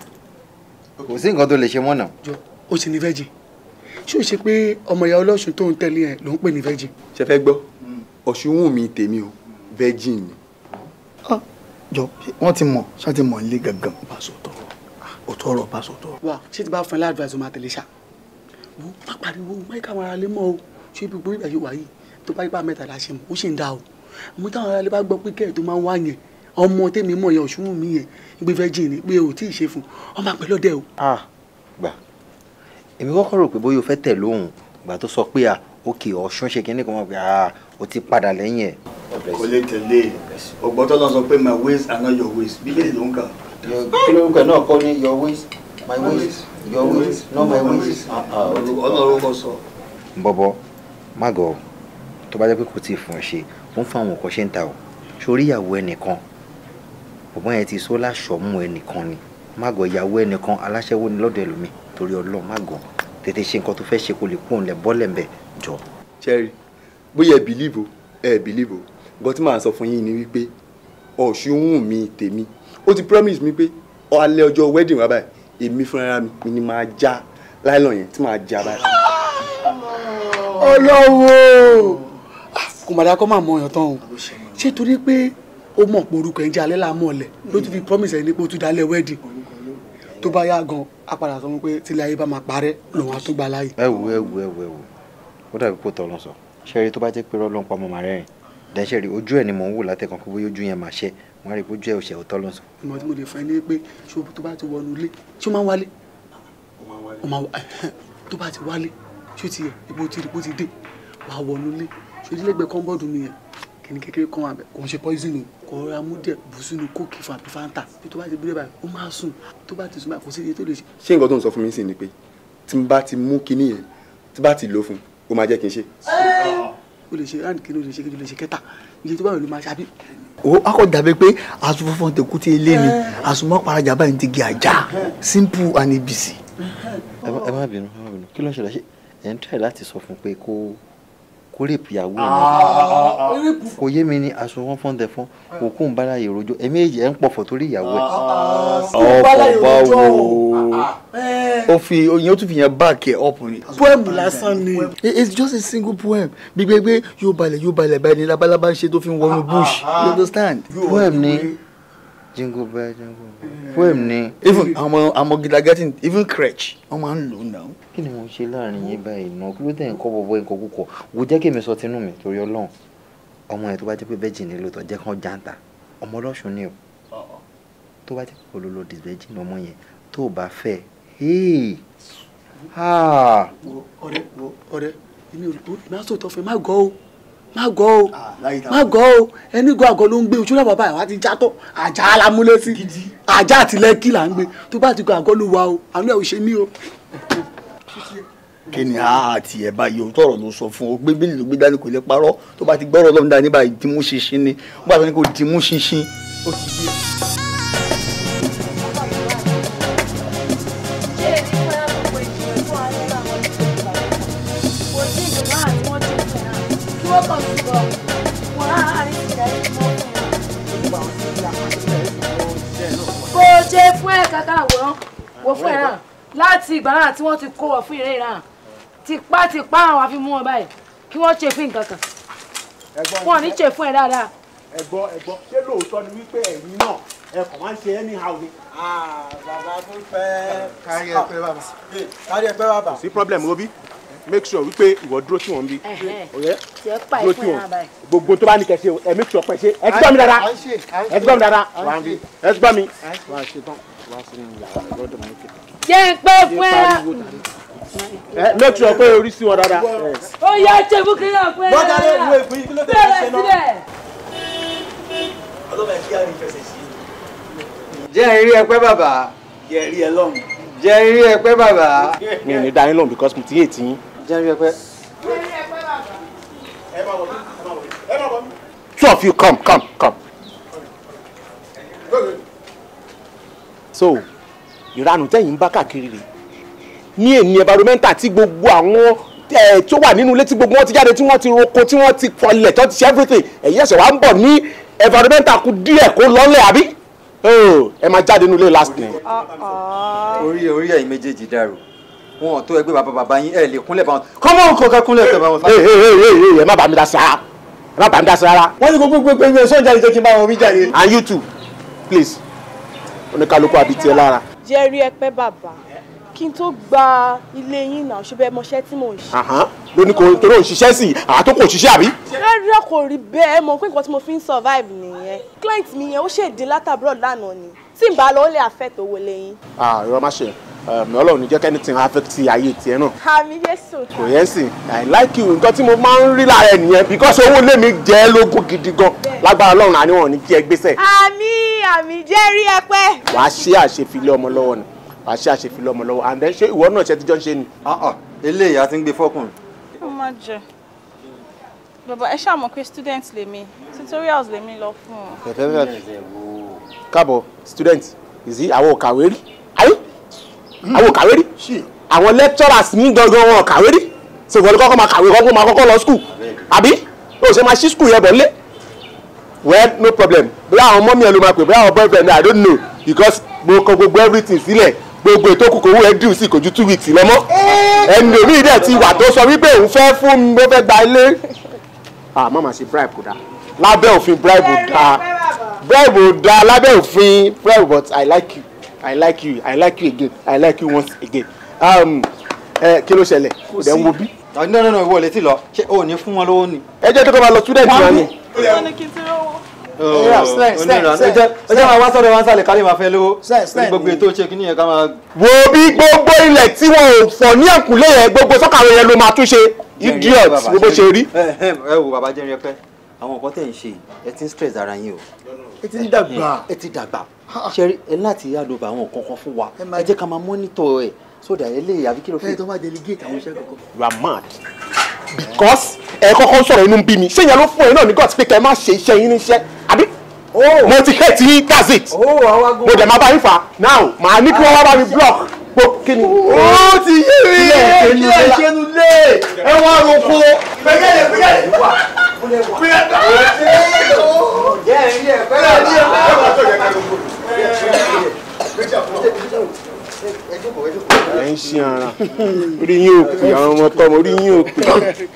kò sí nǹkan tó lè ṣe mọ́ náà. o sì ní fẹ́ jìn ṣé o ṣe pé ọmọ ìyá ọlọ́sùn tó ń tẹ̀lé ẹ̀ ló ń pè ní virgin. ṣe fẹ́ gbọ́ ọ̀ṣunwó mi tèmi o virgin ni. Ah, jọ wọn ti mọ ṣá ti mọ nílé gangan bá sọ tọrọ ah, òtọ ọ̀rọ̀ bá sọ tọrọ. wa ṣé ti bá fún ẹ láàdúrà máa tẹ̀lé ṣá wo má pariwo wọn ara lé mọ o ṣé gbogbo ìgbà yóò wáyé tó bá yípa mẹ́ta la ṣe mọ ó ṣì ń dá o mo táwọn ará lè bá gbọ́ pé kẹ́ẹ̀ tó máa ń wá yẹn ọmọ tèmi mọ̀ yẹn ọ̀ṣunwó mi yẹn gbé virgin ni o tí ì ṣe fún ọmọ àpẹlọdẹ o. a ah, èmi kọ́kọ́ rò pé bóyá o fẹ́ tẹ̀ lóhùn ìgbà tó sọ pé à òkè ọ̀ṣun ṣe kínní kan mọ̀ pé ah, o ti padà lẹ́yìn ẹ̀. kò lè tẹ̀lé ọgbọ́n tó lọ sọ pé my ways are not your ways bíbélì ló ń kà. kílórúkọ náà kọ́ ní your ways my ways your ways not my ways. Ah, ah, ọlọ́run kò sọ. bọ́bọ́ mago tó bá jẹ́ pé kò tí ì fún ọ ṣe ó ń fáwọn nǹkan ṣe ń ta o sórí ìyàwó ẹnìkan bọ̀bọ́n yẹn ti sólà ṣọ́mù ẹnìkan ni mago ìyàwó ẹnìkan aláṣẹ́wó ni lọ́dọ̀ ẹlòmíì torí ọlọ́run má gàn tètè ṣe nǹkan tó fẹ́ ṣe kó lè kú òun lẹ̀ bọ́lẹ̀ mbẹ̀ jọ. cherry bóyá ẹ bìlíìbù ẹ bìlíìbù nǹkan tí màá sọ fún yín ni wípé ọ̀ṣunwùn mi tèmi ó ti promise mi pé alẹ́ ọjọ́ wedding wa báyìí èmi fúnra mi ni màá já láìlọ́n yẹn tí màá já báyìí. ọlọ́wọ́ ah, kò má dáa kó máa mọ ọyàn tán o ṣé torí pé ó mọ̀ pé orúkọ ẹ̀ ń jẹ́ alẹ́ làá mọ̀ ọ̀lẹ̀ ló ti fi promise ẹ̀ nípa ó tún dalẹ̀ wedding tó bá yá gan á padà sọ pé tílé ayé bá máa parẹ́ lòun á tún gba láàyè. ẹ wò ẹ wò ẹ wò ẹ wò ó dàbí kó tọ́ lọ sọ ṣẹ́rí tó bá jẹ́ pé rọ́ọ̀lọ́ ń pa ọmọ màrẹ́ rìn dẹ́ṣẹ́ rí ojú ẹ̀ ni mò ń wò látẹ̀kàn pé bóyá ojú yẹn máa ṣẹ́ wọ́n á rí ojú ẹ̀ òṣèlú tọ́ lọ sọ. ìmọ̀ tí mo lè fẹ́ ni pé ṣé o tó bá ti wọnú ilé ṣé o máa ń wálé tó bá ti wálé ṣé o ti yẹ ibo ti rí bó ti dé wàá wọnú ilé ṣé o ti lẹ́gbẹ̀ẹ́ kọ́ńbọ́ọ̀dù mi yẹn kìnnìkékeré kan àbẹ̀ kò ń ṣe poison o ọ̀rọ̀ amúdẹ̀ bù sínú kóòkì fún àbí fanta bí tó bá ti bílẹ̀ báyìí ó máa sùn tó bá ti sùn báyìí kò sí iye tó lè ṣe. ṣé nǹkan tó ń sọ fún mi sí ni pé tí n bá ti mú kinní yẹn tí bá ti lò fún ó máa jẹ́ kí n ṣe. o lè ṣe ráàdì kí ló lè ṣe kí ló lè ṣe kẹta iye tó bá wọlé máa ṣe àbí. o a kò dàbí pé asùnfọ́fọ́ tẹ kú tí ilé mi àsùnmọ́ parajà báyìí ti gé àjà simple and ibc. ẹ má bínú ẹ má bínú kí ló ń kó rèpù ìyàwó ẹ̀ ah, ah, ah, kò yé mi ní aṣọ wọn fọ́n tẹ̀ fọ́n òkú ń bára yìí rojọ́ ẹ̀mí èjì ẹ̀ ń pọ̀fọ̀ torí ìyàwó ẹ̀. ọ̀pọ̀ bá wo eh. fi oyin ó tún fi yẹn báàkì ẹ̀ ọ̀pọ̀ ni. poem lásán ni. it's just a single poem gbígbégbé yóò balẹ̀ yóò balẹ̀ báyìí ni labalábá ń ṣe tó fi ń wọnú bush you understand. poem ni jingle bell jingle bell hmm. poem ni. even àwọn àwọn gida getting even crutch wọn máa ń lò ó náà. kí ni mo ṣe láàrin yín báyìí náà kí ló dé nǹkan bọ̀bọ̀ nǹkan kúkọ wò jẹ́ kí èmi sọ tinú mi torí ọlọ́run ọmọ yẹn tó bá jẹ́ pé bẹ́ẹ̀jì ni lóòótọ́ jẹ́ kán jáǹtà ọmọ ọlọ́sùn ni o uh-uh. tó bá jẹ́ pé olólo disbẹ́jì ni ọmọ yẹn tó o bá fẹ́ ọ̀rẹ́ ọ̀rẹ́ èmi ò má sòótọ́ fẹ́ má gọ́ o má gọ o ah, má gọ o ẹni gọ àgọ ló ń gbé oṣù làbàbà àwa ti já tó àjà alámúlé sí àjà àtìlẹ́kì là ń gbé tó bá ti gọ àgọ ló wa o àánú ẹ̀ ò ṣe mí o. kí ni a àti ẹ̀ báyìí o tọrọ ló sọ fún o gbé bílì ló gbé dání kò lè parọ́ tó bá ti gbọ́rọ̀ lọ́mọdé ní báyìí dìmú ṣinṣin ni wọ́n bá tó ní kó dìmú ṣinṣin ó ti yé. kátà àwòrán wò fún ìran láti ìgbà náà tí wọ́n ti kó wọ̀ fún ìran ìran tipátipá àwọn àfi mú wọn báyìí kí wọ́n ṣe fún nǹkan kan wọn ò ní ṣe fún ẹ dáadáa. ẹ gbọ́ ẹ gbọ́ ṣé lóòótọ́ ni wípé ẹ̀yin náà ẹ kàn máa ń ṣe anyhow ni. Ah, bàbá tó fẹ́. kárí ẹ pẹ́ bàbá. Ah, eh, kárí ẹ pẹ́ bàbá. sí problem robi make sure wípé ìwọ dúró tí wọ́n ń bí. dúró tí wọ́n gbogbo tó bá ní kẹsí o ẹ make sure pẹ ṣe ẹ ti gbọ́ mi dáadáa ẹ ti gbọ́ mi dáadáa ẹ ti gbọ́ mi jẹ́ ń pẹ́ fún ẹ. make sure pé orí sí wọn dáadáa. ó yá ṣe fún kí náà pé. bọ́dà lè wo ìpín yìí kí ló tẹ̀lé ṣe náà. ọlọ́mọ ẹ̀kí àrí ìfẹsẹ̀ sí i. jẹ́ ìrí ẹpẹ́ bàbá. jẹ́ ìrí ẹ lọ́hùn. jẹ́ ìrí ẹpẹ́ bàbá. mi ò ní dá yín lóhùn because mo ti yé tiyín. jẹ́ ìrí ẹpẹ́. two of you come come come. so ìranù tẹ̀yìn ń bá káàkiri rè ní ènìyàn environmental tí gbogbo àwọn tó wà nínú ilé tí gbogbo wọn ti jáde tí wọ́n ti roko tí wọ́n ti kọlẹ̀ tó ti ṣe everything ẹ̀yìn ẹ̀sẹ̀ wa ń bọ̀ ní environmental kù díẹ̀ kó lọ́lẹ̀ àbí ẹ máa jáde nínú ilé last day. orí orí ẹ̀yin méjèèjì dàrú wọn ò tó ẹgbẹ́ bàbá bàbá yín ẹ̀ lè kúnlẹ̀ bá wọn kọ́mọ́ kọ́ka kúnlẹ̀ tẹ̀ bá wọn. ẹ má bàa mi dá sí ara ẹ má bàa mi dá sí ara. wọ́n ti gbogbo gbogbo ẹgbẹ́ sọ́jà ìjọ bá wọn wí jáde. and you too please oníkálukú àbí tiẹ̀ lára. jerry ẹpẹ bàbá kí n tó gba ilé yín náà ṣe bẹ́ẹ̀ mọṣẹ́ tí mò ń ṣe. lóní kò tó ń ṣiṣẹ́ sí i àtó kò ṣiṣẹ́ àbí. rárá kò rí bẹ́ẹ̀ mọ̀ pé nǹkan tí mo fi ń survive nìyẹn client mi yẹn ó ṣèdè látàbúrò lánàá ni tí n bá lọ ó lè affect owó lẹ́yìn. irọ́ má ṣe mi ọlọ́run ní jẹ́ kẹ́ni tí n affect ti ayé tiẹ̀ náà. àmì yéṣu. kò yẹn sìn i like you nǹkan tí mo máa ń rí lára ẹ nìyẹn because owó lé mi jẹ́ lágbára ọlọ́run àní wọn ò ní kí ẹ gbéṣẹ̀. àmì àmì jẹ́ rí ẹpẹ́. wàá ṣe àṣefilẹ̀ ọmọ lọ́wọ́ ni wàá ṣe àṣefilẹ̀ ọmọ lọ́wọ́ and then ṣé ìwọ náà ṣe tíjọ́ ń ṣe ni. Ah, ah, eléyìí a ti ń gbé fọkùnrin. ó má jẹ bàbá ẹ ṣàmọ pé student lèmi tutorials lèmi lọ fún un. bẹ̀fẹ̀ bẹ̀fẹ̀ káàbọ̀ student ìsí àwọn ò kàwé rí ayé àwọn ò kàwé rí àwọn lecturers mi gangan wọn ò kàwé rí ṣèwọ́n ni kọ́kọ́ máa kàwé kọ́kọ́ máa kọ́kọ́ lọ school àbí ó ṣe máa ṣí school yẹn bọ̀ nílé well no problem bóyá àwọn mọ́mí ẹ ló máa pè bóyá àwọn boyfriend i don't know because mo kọ gbogbo everything sílẹ̀ gbogbo ètò òkùnkùn owó ẹ dùn sí ìkojú two weeks lọ mọ́ ẹni orí rẹ̀ ti wà tó sọ wípé òun fẹ́ fún mi ó fẹ́ gba ilé ah má máa ṣe bribe kò dáa lábẹ́ òfin bribe ò dáa bribe ò dáa lábẹ́ òfin bribe but i like you i like you i like you again i like you once again um, ẹ kí ló ṣẹlẹ̀ kò dẹ̀ ń wo bí. ọ̀nà ìwọlé ti lọ ṣé o ò ní fún wọn lówó ni. ẹ jẹ́ kí wọ́n máa lọ student náà ni ó oh, oh, jẹ́ máa wá sọ́dọ̀ wá sálẹ̀ kálí máa fẹ́ lówó gbogbo ètò ṣe kí nìyẹn ká máa. wo bí gbogbo ilẹ̀ tí wọn ò fọ̀ ní ẹ̀kúnlé yẹn gbogbo sọ́kàwé yẹn ló máa túnṣe idiot gbogbo ṣe rí. ẹ wo bàbá jẹrin ẹpẹ àwọn nǹkan tẹ̀ ń ṣe ẹ ti ń stress ara yín o. ẹ ti ń dàgbà ẹ ti dàgbà ṣe ẹ láti àdóbà àwọn nǹkan kan fún wa ẹ jẹ́ ká máa mọ́nítọ̀ ẹ̀ sódà ẹ lè àbí kí ló fẹ́. you are mad because ẹ kọ́kọ́ sọ̀rọ̀ inú bí mi ṣé ìyẹn ló fún ẹ náà nígbà tí pé kẹ́ ẹ má ṣe iṣẹ́ yín níṣẹ́ mo ti hẹ́ ti that's it mo dẹ̀ máa bá yín fà now màá ní kí wọ́n wá bá mi block po kíni. ó ti yé mi ilé ìṣẹ́nu lé ẹ wá roko. pẹ̀gẹ́lẹ̀ pẹ̀gẹ́lẹ̀ ẹ ń ṣe ara orí yín ò pè àwọn ọmọ tọmọ orí yín ò pè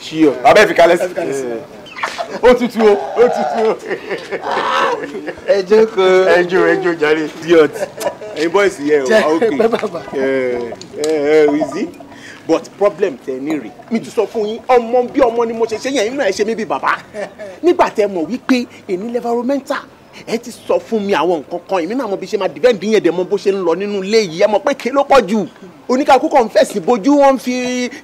ṣí ọ abẹ́ fi kalẹ̀ sí i ó tutù o ó tutù o. ẹjọ ko ẹjọ ẹjọ jàre idiot ẹyin boys yẹ o ah, okay ẹ ẹ easy but problem tẹ ní rè mi ti sọ fún yín ọmọ bí ọmọ ni mo ṣe ṣe yẹn ìmúra ẹ ṣe mí bí bàbá nígbà tẹ mọ̀ wípé èmi environmental ẹ ti sọ fún mi àwọn nǹkan kan èmi náà mo bí ṣe máa defend yẹn dẹ̀ mọ bó ṣe ń lọ nínú ilé yìí ẹ mọ̀ pé ké ló pọ̀ jù oníkàkú kan fẹ̀sìn bojú wọn fi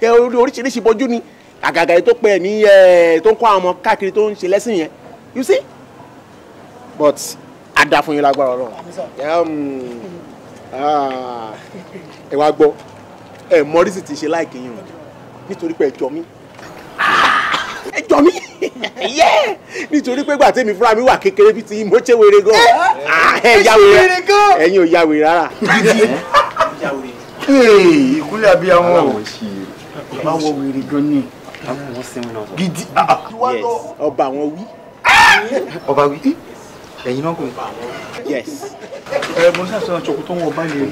oríṣiríṣi bojú ni àgàgà yìí tó pẹ́ ní ẹ̀ tó ń kọ́ àwọn ọmọ káàkiri tó ń ṣe lẹ́sìn yẹn you see but ada fún yín lágbára ọlọ́run ah, ẹ wá gbọ́ ẹ mọ́rísì ti ṣe láìkí yín o nítorí pé ẹ jọ mí ah, ẹ jọ mí nítorí pé gbàtẹ́ mi fúnra mi wà kékeré bíi ti mo ṣe wèrè gan eh? ah, ẹ ya wèrè ẹ̀yin ò ya wèrè rárá. ìkúlẹ̀ abiyamọ báwo wèrè gan ni gidi ah, ah. ọba àwọn wí. ọba wí ẹ̀yin náà kò yes. ẹ mo ṣàṣọ àṣọkù tó ń wọ báyìí rí.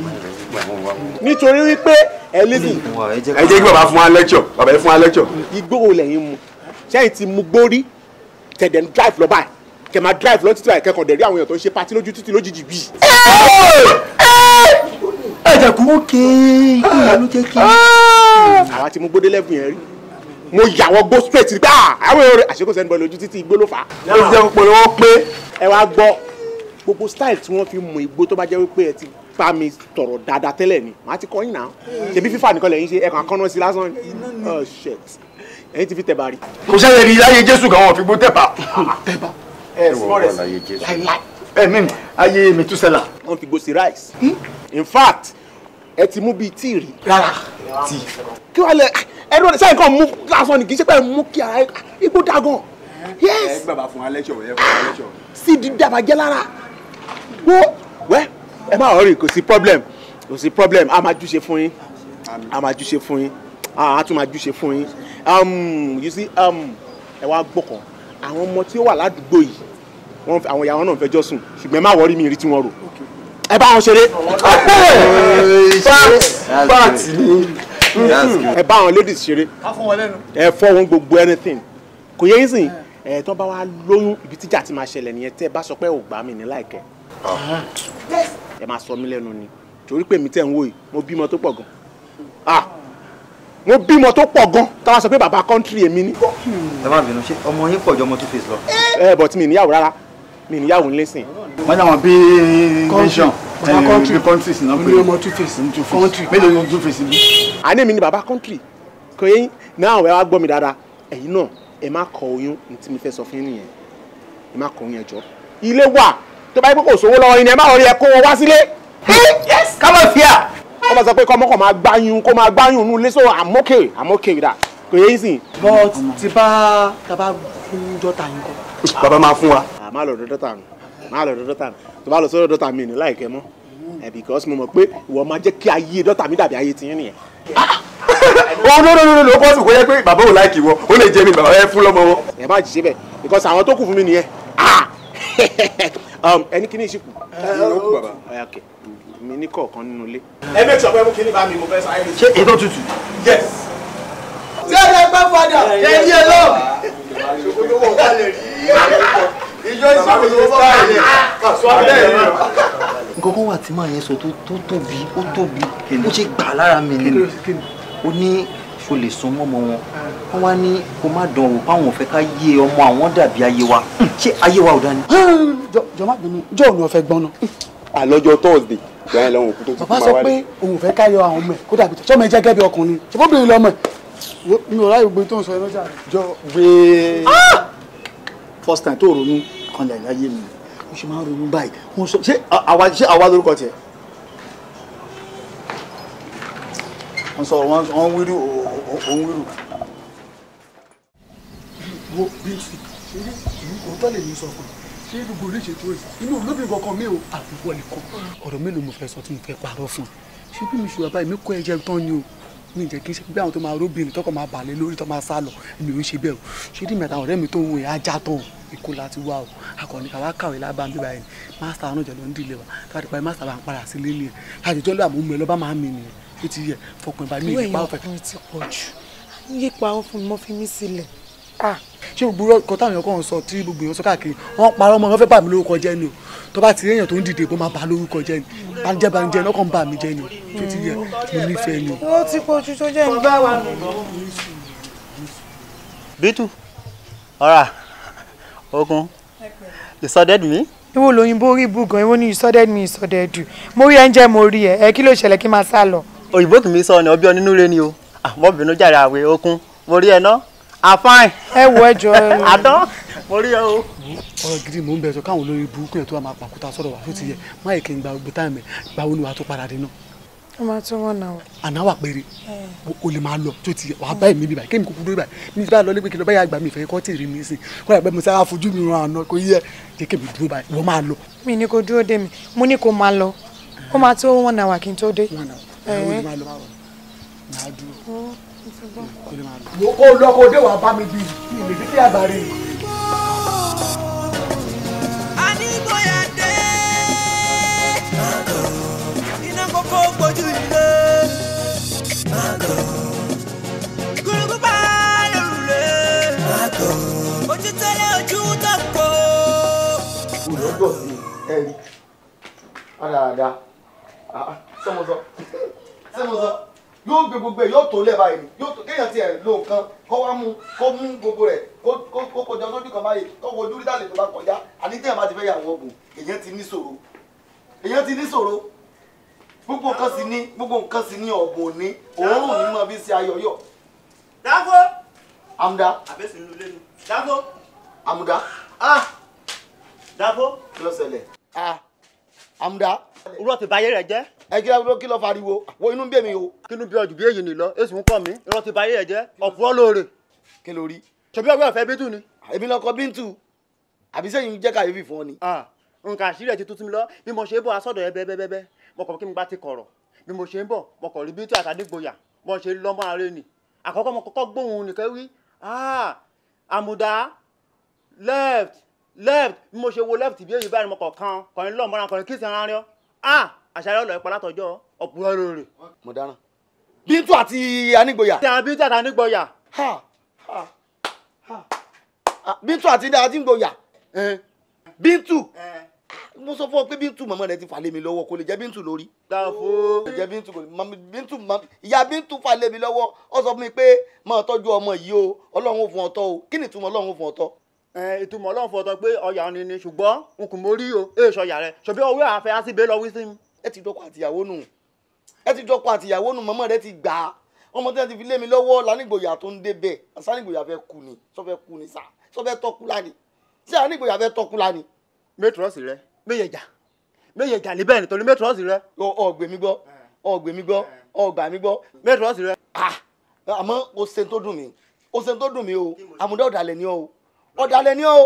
nítorí wípé ẹ lẹ́sìn. ẹ jẹ́ kí bàbá fún wa lẹ́kṣọ̀ bàbá yẹn fún wa lẹ́kṣọ̀. igbó wo lẹ́yìn mu sẹ́yìn ti mu gbórí tẹ̀dẹ̀ ń drive lọ báyìí kẹ̀ máa drive lọ títí báyìí kẹ́kọ̀ọ́ dẹ̀ rí àwọn èèyàn tó ń ṣe patí lójú títí lójijì bíi. ẹ jẹ́ kó. ókè ìyá ló jẹ́ kí. àwa ti mu gbódé lẹ́bùn yẹn rí mo yà wọ́n gbó straight gbà àwọn èrò àṣekọ̀sẹ̀ ẹnubọ̀ lójú títí igbó ló fà á. ó ti jẹ́ pé wọ́n pé. ẹ wá gbọ́ gbogbo style tí wọ́n fi mú igbó tó bá jẹ́ wípé ẹ ti bá mi tọ̀rọ̀ dáadáa tẹ́lẹ̀ ni màá ti kọ́ yín náà ṣèbí fífà nìkan lẹ́yìn ṣe ẹ̀kan akọ́nà sí lásán ni oh shit ẹ̀yin ti fi tẹ̀ bá rí. kò sẹ́yìn ní ayé jésù kan wọn fi gbó tẹ̀bà. Ah, tẹ̀bà ẹ̀ sọ́ọ̀rẹ̀ láìláì ẹ̀ mí ayé mi tún sẹ́là. wọ́n fi gbó sí rice hmm? in fact ẹ ti mú bíi tíì rí. rárá tíì kí wàá lẹ ẹ̀rọ ní sẹ́yìn kan mú lásán ni kì í ṣe pé mú kí ara igbó dagan. yes. ẹ dàbà jẹ́ lára. wo wẹ́ ẹ má rọrùn kò sí problem kò sí problem a máa júṣe fún yín a máa júṣe fún yín a tún máa júṣe fún yín um, you see um, ẹ wá gbọ́kàn àwọn ọmọ tí ó wà ládùúgbò yìí àwọn ìyàwó náà fẹjọ́ sùn ṣùgbọ́n ẹ má wọrí mi rí tí wọ́n rò ẹ bá wọn ṣeré. Hmm. ẹ bá àwọn ladies ṣeré ẹ fọ́ wọn gbogbo anything kò yẹ yín sìn ẹ tó bá wa lóyún ibi tíjà ti máa ṣẹlẹ̀ nìyẹn tẹ́ ẹ bá sọ pé ò gbà mí ní láìkẹ́ ah. ẹ máa sọ mí lẹ́nu ni torí pé mi tẹ̀ ń wò yìí mo bímọ tó pọ̀ gan ah! mo bímọ tó pọ̀ gan táwa sọ pé bàbá kọ́ńtírì èmi ni. ẹ má bínú ṣe ọmọ yín pọ̀ ọmọ two face lọ. ẹ bọ̀ tí mi níyàwó rárá mi níyàwó ńlẹ́sìn. wọ́n ní àwọn bíi nation ọba country ní ọmọ two face country. mélòó ni two face bí. àní mi ni bàbá country kò yẹn náà country. wá gbọ́ mi dáadáa ẹ̀yin náà ẹ má kọ oyún ní tí mi fẹ́ sọ fún yín ẹ má kọ oyún ẹjọ́ ilé wà tó bá yẹ kó sówó lọ́wọ́ yín ni ẹ má wọlé ẹ kó wọn wá sílé. I'm fíà. wọ́n bá sọ pé kọ́mọ́kọ́ máa gbáyún kó máa gbáyún nù lẹ́sọ̀ àmọ́kè àmọ́kè I'm kò yẹ ìsìn. but ti bá taba fún dọ́tà yín kọ́. bàbá máa fún wa. à ah, má lọ dọ́tà nù má lọ dọ́tà nù tó bá lọ sọ́dọ̀ dọ́tà mi ní láìkẹ́ mọ́ ẹ̀ eh, because mo mọ̀ pé ìwọ máa jẹ́ kí ayé dọ́tà mi dàbí ayé tiyín nìyẹn. ó oh, no no no no bọ́sù kò yẹ pé bàbá ò láìkì wọ ó lè jẹ mi bàbá ẹ fún lọ́mọ wọn. ẹ má jì síbẹ̀ because àwọn tó kù fún mi nìyẹn ah! um, ẹni kìíní ìsìnkú. ẹ ló kú bàbá. mi ní kọ̀ọ̀kan nínú ilé. ẹ make sure pé mú kíní bá mi mo fẹ́ sáré. ṣé ètò tutù. yes. ṣé ẹ lè gbẹ́ fọdà. ẹ ní lọ ìjọ ìṣàkóso style yẹn kàṣọ abẹ́ yẹn. nǹkan kan wà tí màá yẹn sọ tó tóbi ó tóbi ó ṣe gbà lára mi ni ó ní kò lè sun mọ́mọ́ wọn wọ́n wá ní kó má dán wò páwọn ò fẹ́ ká yé ọmọ àwọn dàbí ayé wa ṣé ayé wa ò dání. jọ má bínú jọ ò ní ọfẹ gbọ́n náà. àlọ́jọ thursday gbọ́n yẹn lọ́wọ́ òkú tó ti kú máa wá rẹ̀. bàbá sọ pé òun fẹ́ ká yọ àwọn ọmọ ẹ̀ kó dàbí tó sọmọ ẹ ẹ first time tó ronú kan lẹ̀ láyé mi mo ṣe máa ń ronú báyìí mo sọ ṣé àwa ṣé àwa lórúkọ tiẹ̀. wọ́n sọ wọ́n wíru òun wíru. wo bí ṣe òótọ́ lè ní sọ fún ṣé gbogbo oríṣi tó yìí inú olóbìn kankan mi ò àbúkọ nìkan ọ̀rọ̀ mélòó mo fẹ́ sọ tí mo fẹ́ parọ́ fún ṣé bí mi ṣùgbọ́n báyìí mi kọ́ ẹ̀jẹ̀ tán ni o mi jẹ́ kí n ṣe bí àwọn tó máa róbìnrin tọkọ máa bàlẹ̀ lórí tó máa sá lọ mi ò ń ṣe bẹ́ẹ̀ o ṣé ní mẹ́ta ọ̀rẹ́ mi tó ń wo ẹ̀ ajá tán o èkó láti wá o akọni kàwá kàwé lábá mi báyìí mástà náà jẹ́ ló ń dìlẹ̀ wa káàdì pa mástà bá ń padà sí lé nìyẹn káàdì tó lọ́ àmú mi lọ́ba máa ń mi nìyẹn ó ti yẹ fọkàn ìbá mi ìyípa ọ̀fẹ́. ìwé ìyọkùnrin ti pọ̀ jù yípa ọ̀fun mọ́fí mi sílẹ̀ ah ṣé gbogbo ọkọ táwọn èèyàn kàn sọ tí gbogbo èèyàn sọ káàkiri wọn parọ́ mọ́ wọn fẹ́ bà mí lórúkọ jẹ́ ni o tó bá ti rí èèyàn tó ń dìde kó máa bà lórúkọ jẹ́ ni banjẹ́ banjẹ́ lọ́kàn bà mí jẹ́ ni tó ti yẹ mo nífẹ̀ẹ́ ni. ó ti kojú tó jẹ́ ìgbà wa. bítù ọ̀rà ogun ìsọdẹ́dù mi. ìwọ lóyìnbó rí ibùgàn ìwọ ni ìsọdẹ́dù mi ìsọdẹ́dù mo rí ẹ ń jẹ́ mo rí ẹ ẹ kí ló o àmọ́ ah, bínú jàre àwẹ̀ okun mo rí ẹ àfáàn. Ah, ẹ wọ ẹjọ ẹ. àdán mo ẹ o. ọ̀rọ̀ gidi mò ń bẹ̀rẹ̀ sọ káwọn olórí burúkú yẹn tó wà máa pàkúta sọ̀rọ̀ wá tó ti yẹ má yẹ kí n gba gbé táìmù ẹ̀ gbáwo ni wàá tó padà dé náà. ó máa tún wọn náà. ànáwà péré o lè máa lọ tó ti yẹ wàá báyìí mi bíbáyìí kémi kúkú dúró báyìí mi bá lọ lébèké lọ báyìí àgbà mi ìfẹ́ kọ́ tèrè mi sí kó yàgbẹ́ mi sára fojú mi ràn án kó yẹ jẹ́ kémi mi dúró dé mo kó lọ́kọ̀ dé wàá bá mi bí ìrètí tí àgbà rè é. ojú ilé. Mago. Gúrúgú bá lòrù rẹ̀. Mago. Ojú tẹ́lẹ̀ ojú tó kọ. Olùdókòwò sí ẹ̀rí. Àdàdà. Ah, ah, Sọ́mọ́sọ́ yóò gbé gbogbo ẹ̀ yóò tó lẹ̀ báyìí yóò tó kéèyàn tiẹ̀ lo nǹkan kó wá mú kó mú gbogbo rẹ̀ kó kọjá lójú kan báyìí kó wojú rí dàlẹ́ tó bá kọjá àní téèyàn bá ti fẹ́ yàwó ọ̀gùn èèyàn ti ní ṣòro èèyàn ti ní ṣòro gbogbo nǹkan sì ní gbogbo nǹkan sì ní ọ̀gbùn òní òórùn ní mọ̀ bí ṣe ayọ̀yọ̀. dáfó. amuda. àbẹ̀sìn ló lẹ́nu. dáfó. amuda. ah dáfó. kí ló ṣẹlẹ̀. ah amuda. olú ọ̀tẹ̀ báyé rẹ̀ jẹ́ ẹ jẹ́ ló kí lọ́ọ́ fariwo wo inú bí mi o. kí inú bí ọjọ́ bí èyí nìlọ èsì ń pọ̀ mí irọ́ ti ba ayé ẹ̀ jẹ́ ọ̀pọ̀ lóore. kí ló rí. ṣòbí ọgbẹ́ ọ̀fẹ́ bíntu ni. èmi lọkọ bíntu àbí sẹ́yìn jẹ́ kàyéfì fún ọ ni. Ah, nǹkan àṣírí ẹ̀ ti tuntun mi lọ bí mo ṣe ń bọ̀ asọ́dọ̀ ẹ bẹ́ẹ̀bẹ́ẹ́bẹ́ mo kọ̀ kí mi bá ti kọ̀rọ̀ bí mo ṣe ń bọ̀ mo kọ̀ rí bíntu àtàdégbòyà mo ṣe lọ́mọ ààrẹ nì àkọ́kọ́ mo kọ́kọ́ gbóhùn nìkan wí ah, àmùdá left left bí mo ṣe wo left bí èyí báyìí mo kọ̀ kan kọ̀rin lọ́mọ́ra kọ̀rin kí àṣàlẹ̀ ọ̀nà ìpalá tọjọ́ ọ̀pùrọ̀ rìnrìn. mo dáná bíntu àti anígboyà. bíntu àti anígboyà. Ah, bíntu àti anígboyà. bíntu mo sọ fún ọ pé bíntu màmá rẹ ti fà lé mi lọ́wọ́ kò lè jẹ́ bíntu lórí. dàfó. kò jẹ́ bíntu kò lè bíntu ìyá bíntu fà lé mi lọ́wọ́ ọ sọ fún mi pé máa tọ́jú ọmọ yìí o ọlọ́run ò fún ọtọ́ o kí ni ìtumọ̀ ọlọ́run ò fún ọtọ́. ẹ ìtumọ̀ ọlọ́run fún ọtọ́ pé ọyà ni ni ṣùgbọ́n n kò mórí o èèṣọ yà rẹ ṣọbi ọwọ́ àfẹ́ àti bẹ́ẹ̀ lọ wí sí mi ẹ ti dọ́kọ àtìyàwó nù ẹ ti dọ́kọ àtìyàwó nù mọ́mọ́ rẹ ti gbà á ọmọ tí wọ́n ti fi lé mi lọ́wọ́ lánìgbòyà tó ń débẹ̀ sánìgbòyà fẹ́ kú ni sọ fẹ́ kú ni sá sọ fẹ́ tọ́kú lánìí sí ànìgbòyà fẹ́ tọ́kú lánìí. mẹtírọ̀sì rẹ méyèjà méyèjà níbẹ̀ nítorí mẹtírọ̀sì rẹ. ọgbẹ mi gbọ́ ọgbẹ mi gbọ́ ọgbà mi gbọ́ mẹtírọ̀sì rẹ. àmọ́ o ṣe tó dùn mí o ṣe tó dùn mí o àmúdá ọ̀dàlẹ̀ o ọ̀dàlẹ̀ o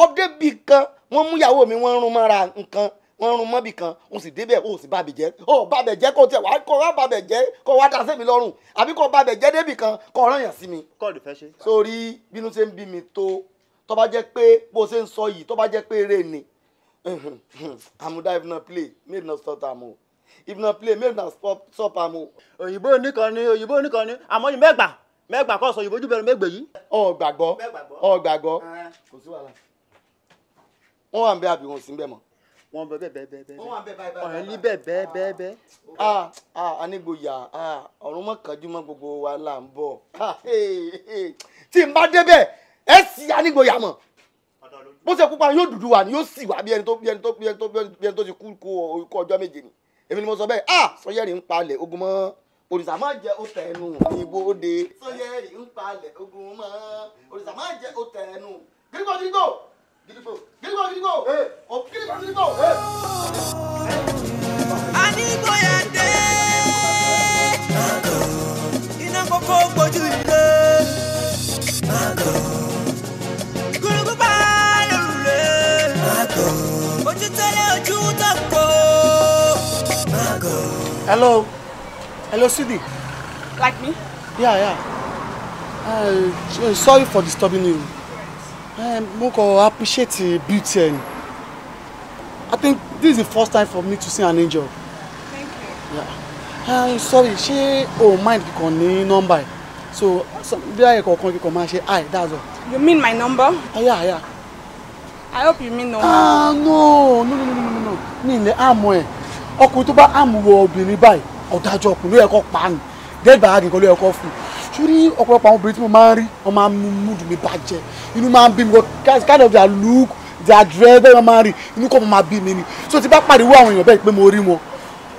ó débì kan wọ́n mú ìyàwó mi wọ́n rún mọ́ra nǹkan wọ́n rún mọ́bì kan o sì débẹ̀ o sì bàbẹ̀ jẹ́ o bàbẹ̀ jẹ́ kò tiẹ̀ wá kò wá bàbẹ̀ jẹ́ kò wá ta sẹ́mi lọ́rùn àbí kò bàbẹ̀ jẹ́ débì kan kò rán yàn sí mi. kọ́ọ̀dù fẹ́ ṣe. sórí bínú ṣe ń bí mi tó tó bá jẹ́ pé bó ṣe ń sọ yìí tó bá jẹ́ pé eré ni àmúdá if not play make not stop am o if not play make not stop am o. òyìnbó nìkan ni òyìnbó nìkan ni àmọ́ yìí mẹ́gbà mẹ́gbà kọ́ sọ òyìnbó jù bẹ́ẹ̀ mẹ́gbẹ̀ yìí. ọ gbàgbọ́ ọ gbàgbọ́ eh, kò sí wàhálà wọn wà ń bẹ àbí wọn ò sí ń bẹ mọ́ wọn bẹ bẹ bẹ bẹ bẹ ọ̀rẹ́ ní bẹ bẹ bẹ bẹ. a ah, a ah, ah. anigboya a ọ̀run mọ̀ kanjú mọ́ gbogbo wa là ń bọ̀ tí n bá débẹ̀ ẹ sì anigboya mọ̀ bó ṣe kópa yóò dúdú wa ni yóò sì wá bí ẹni tó bí ẹni tó bí ẹni tó bí ẹni tó ti kú kú ọjọ́ méje ni èmi ni mo sọ bẹ́ẹ̀ a sọyẹ́rì ń palẹ̀ ogun mọ́ òrìṣà máa jẹ òtẹ ẹnu ìbòde sọyẹ́rì ń palẹ̀ ogun mọ́ òrìṣà máa jẹ òtẹ ẹnu gírígbó gírígbó hello hello sidi. like me. yeah yeah. Uh, sorry for disturbing you. Eh, mo kò appreciate beauty ẹ I think this is the first time for me to see an angel. Thank you. Yeah. Uh, sorry She oh, mind kíkan ní nọ́mbà ẹ so bí ayẹ kọ̀ọ̀kan kíkan máa ṣe hi that's all. You mean my number? Uh, yeah, yeah. I hope you mean no. Ah no no no no no no mi ilẹ̀ àmọ́ ẹ̀ ọkùnrin tó bá àmúwọ̀ obìnrin báyìí ọ̀dájú ọkùnrin ló yẹ kó pa á nù dẹ́gbàá àgìkan ló yẹ kó fún un torí ọ̀pọ̀lọpọ̀ àwọn obìnrin tí mo máa ń rí wọ́n máa ń mú mi bàjẹ́ inú máa ń bí mi because kind of their look their dress bẹ́ẹ̀ máa ń rí inú kọ́ máa bí mi ni so ti bá pariwo àwọn èèyàn bẹ́ẹ̀ pé mo rí wọn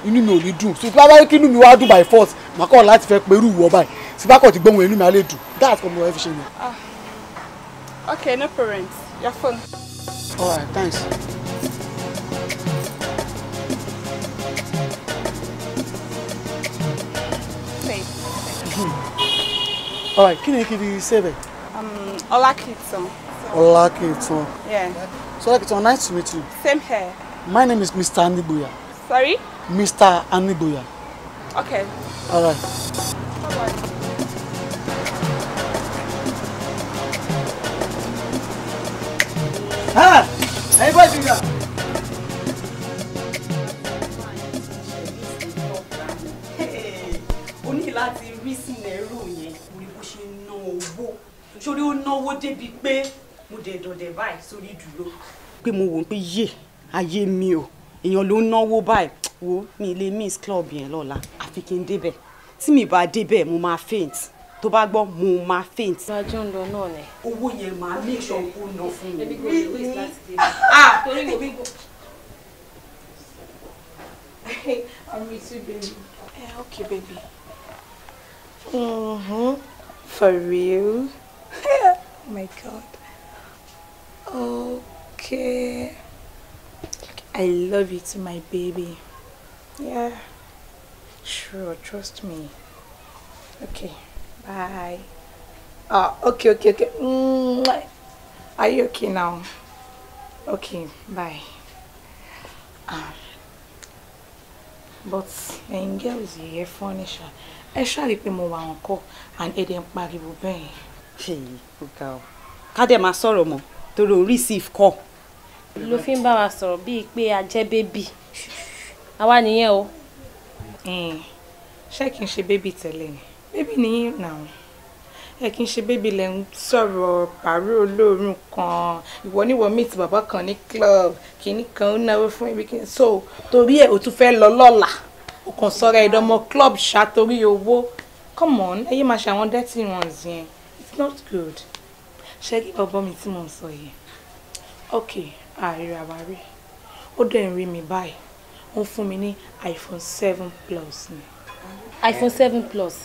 inú mi ò ní dùn so ti bá wáyé kí inú mi wá dùn by force màá kọ́ láti fẹ́ pé irú ìwọ báyìí ti bá kọ̀ ti gbóhùn inú mi á lè dùn that's what mo fẹ́ fi ṣe ah, okay no parents your phone. all right thanks. all right kí ni kí fi save ẹ. Um, Ọlákìtàn. Ọlákìtàn. yeah. so Ọlákìtàn nice to meet you. same here. my name is Mr. Anigboya. sorry. Mr. Anigboya. okay. all right. Bye -bye. Ha! Hey, boy, finger! láti rí sínú ẹrú yìí sórí ó náwó débi pé mo dẹ̀ dọ̀dẹ̀ báyìí sórí dúró. pé mo wò ó pé yé ayé mi o èèyàn ló ń náwó báyìí wo mi ilé miss club yẹn lọ́la àfi kí n débẹ̀ tí mi bá débẹ̀ mo máa faint tó bá gbọ́ mo máa faint. ìgbàjọ́ ń lọ náà ni. owó yẹn máa ní ìṣọ̀kú ná fún mi. Ah! torí wo bí. I'm with you, eh, okay, baby. mm For real? oh my god okay i love you to my baby yeah sure trust me okay bye ah okay okay okay are you okay now okay bye um, but ẹ̀yin girls yìí ẹ fọ́nìṣà ẹ ṣàlì pé mo wà and ẹ dẹ̀ ń ṣèyí ó ga ọ ká dẹ̀ máa sọ̀rọ̀ mọ́ torí o receive call. ló fi ń bá wa sọ̀rọ̀ bíi pé a jẹ́ bébì àwa nìyẹn o. Hmm. ṣé kí n ṣe bébì tẹ́lẹ̀ ni bébì nìyí náà ẹ kí n ṣe bébì lẹ́ ń sọ̀rọ̀ pàrọ̀ olóòórùn kan ìwọ níwọ meet bàbá kan ní club kìíní kan ó náwó fún ibi kí n so torí ẹ̀ o tún fẹ́ lọ lọ́la o kàn sọ̀rọ̀ ẹ̀dọ́mọ club ṣá torí owó come on ẹ yé máa ṣe àwọn dirty ones yẹn it's not good ṣé kí bọ́bọ́ mi tí mò ń sọ yìí ok àìrà wa rí ó dẹ̀ ń rí mi iphone 7 plus iphone 7 plus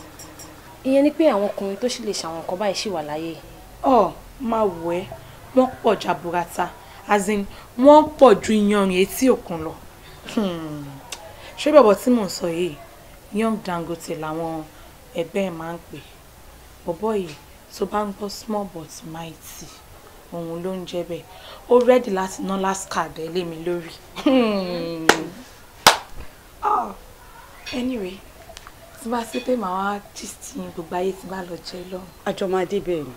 In any pé I ọkùnrin tó sì lè ṣàwọn nǹkan báyìí ṣì wà láyé. ọ máa wọ ẹ jaburata as in wọ́n poor ju iyanrìn etí òkun lọ hmm. ṣé bọ̀bọ̀ tí mò ń young Dango làwọn ẹgbẹ́ ẹ̀ máa ń Boy tó bá ń gbọ́ small but mighty òun ló ń jẹ́ bẹ́ẹ̀ ó rẹ́dì láti ná last card ẹ lé mi lórí. Ah, anyway tí bá sí pé màá gist yín gbogbo ayé tí bá lọ jẹ lọ́hùn. àjọ máa dé bẹ́ẹ̀ ni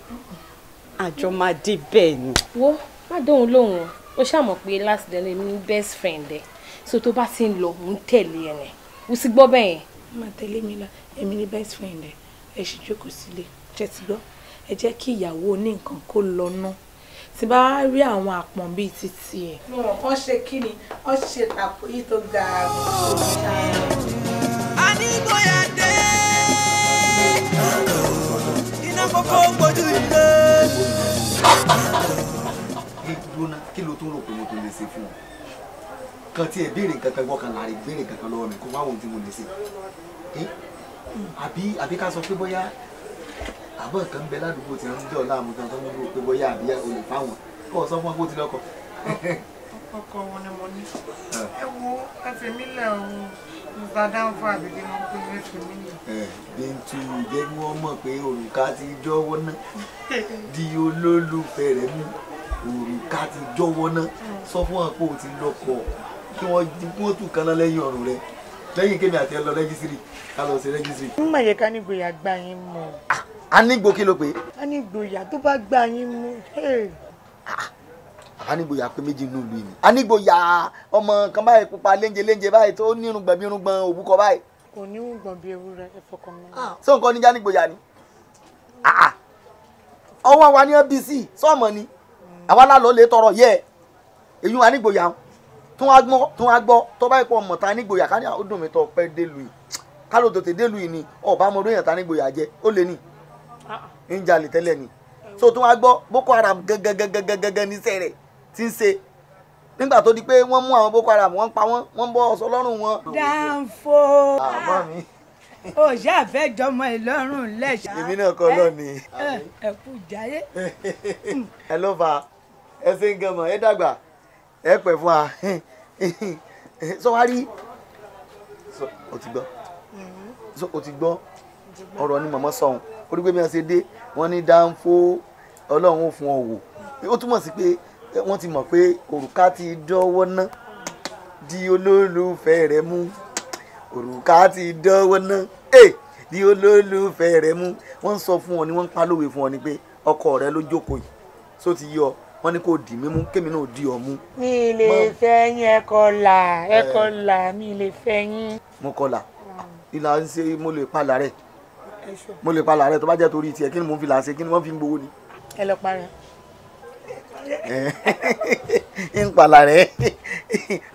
àjọ máa dé bẹ́ẹ̀ ni. wo má dóhun lóhùn o ṣàmọ̀ pé last day lè best friend ẹ̀ so tó bá ti ń lọ òun tẹ̀lé ẹ̀ rẹ̀ o sì gbọ́ bẹ́ẹ̀ yẹn. má tẹ̀lé mi lọ èmi ni best friend ẹ̀ ẹ̀ sì jókòó sílé jẹ́ ti gbọ́ ẹ jẹ́ kí ìyàwó oníǹkan kó lọ ná tí bá rí àwọn àpọ̀n bíi títí ẹ̀. mo mọ̀ kán ṣe kí ni wọ́n ṣe tàpó yìí tó ga kí ló tó rò pé mo tó lè ṣe fún ọ kan tí ẹ béèrè nǹkan kan láàrin béèrè nǹkan kan mi kó má wọ́n tí mo lè ṣe àbí àbí ká sọ pé bóyá àbọ̀ nǹkan bẹ ládùúgbò tí wọ́n ń jọ láàmú kan tó ń dúró pé bóyá àbí olè fáwọn kó o sọ fún wọn kó o ti lọ́kọ. ọkọ wọn ni mo ní ẹ wo ẹ fi mí lẹ o ìbàdàn fún àbídé wọn pé ẹ fi mí lẹ. Bintu jẹ́ kí wọ́n mọ̀ pé òrùka ti jọ́wọ́ ná di olólùfẹ́ rẹ̀ mú òrùka ti jọ́wọ́ ná mm. sọ fún wọn pé o ti kí wọ́n tún kan lẹ́yìn ọ̀rùn rẹ̀ lẹ́yìn kémi àti ẹ lọ rẹ́gísírì ká lọ ṣe rẹ́gísírì. ń mọ̀ yẹ ká ní gboyà gbá yín mú. Ah, a ní gbo kí ló pé. a ní gboyà tó bá gbá yín mú. Ah, a ní gboyà pé méjì nínú ìlú yìí. a ní gboyà ọmọ kan báyìí pupa léńjẹ léńjẹ báyìí tó nírun gbọ̀n bí irun gbọ̀n òbúkọ báyìí. kò ní ń gbọ̀n ewúrẹ́ ẹ fọkàn mọ́. sọ ah, nǹkan níjà ní gboyà ni. ọwọ́ wa ní ọ́bíìsì sọ́ọ̀mọ̀ ni mm. àwa lálọ́ lè tọrọ yẹ èyí wa ní gboyà tún wá gbọ́ tún wá gbọ́ tó bá yẹ pọ̀ mọ̀ta nígboyà ká ní ó dùn mí tó pẹ́ délu yìí ká ló tètè délu yìí ni ọba mo lóyìn ta nígboyà jẹ ó lé ní ah. ń jalè tẹ́lẹ̀ ni so tún wá gbọ́ Boko Haram gẹ́gẹ́gẹ́gẹ́gẹ́ níṣẹ́ rẹ̀ ti ń ṣe nígbà tó di pé wọ́n mú àwọn Boko Haram wọ́n pa wọ́n wọ́n bọ́ ọ̀sọ́ lọ́rùn wọn. dáńfó o ṣe àfẹ́ jọmọ ìlọrùn lẹ́ṣà. èmi náà kọ́ lọ́ọ̀ni. ẹ kú jáyé. ẹ ló fa ẹ ṣe ń gan ẹ dàgbà ẹ pẹ fún wa sọ wá rí o ti gbọ́ so o ti gbọ́ ọ̀rọ̀ ni màmá sọ̀hún orí pé bí wọ́n ṣe dé wọ́n ní dáńfó ọlọ́run ò fún ọ wò ó túmọ̀ sí pé wọ́n ti mọ̀ pé òrùka ti dọ́wọ́ ná di olólùfẹ́ rẹ mú òrùka ti dọ́wọ́ ná di olólùfẹ́ rẹ mú wọ́n ń sọ fún ọ ni wọ́n ń pa fún ọ ni pé ọkọ rẹ ló jókòó yìí só ti yọ wọ́n ní kò dì mí mú kémi náà di ọmú. mi lè fẹ́ yín ẹ kọlà ẹ kọlà mi lè fẹ́ yín. mo kọlà ìlà ń ṣe mo lè palà rẹ mo lè palà rẹ tó bá jẹ́ torí tiẹ̀ kí ni mo ń fi là ṣe kí ni wọ́n fi ń gbowó ni. ẹ lọ para. ń palà rẹ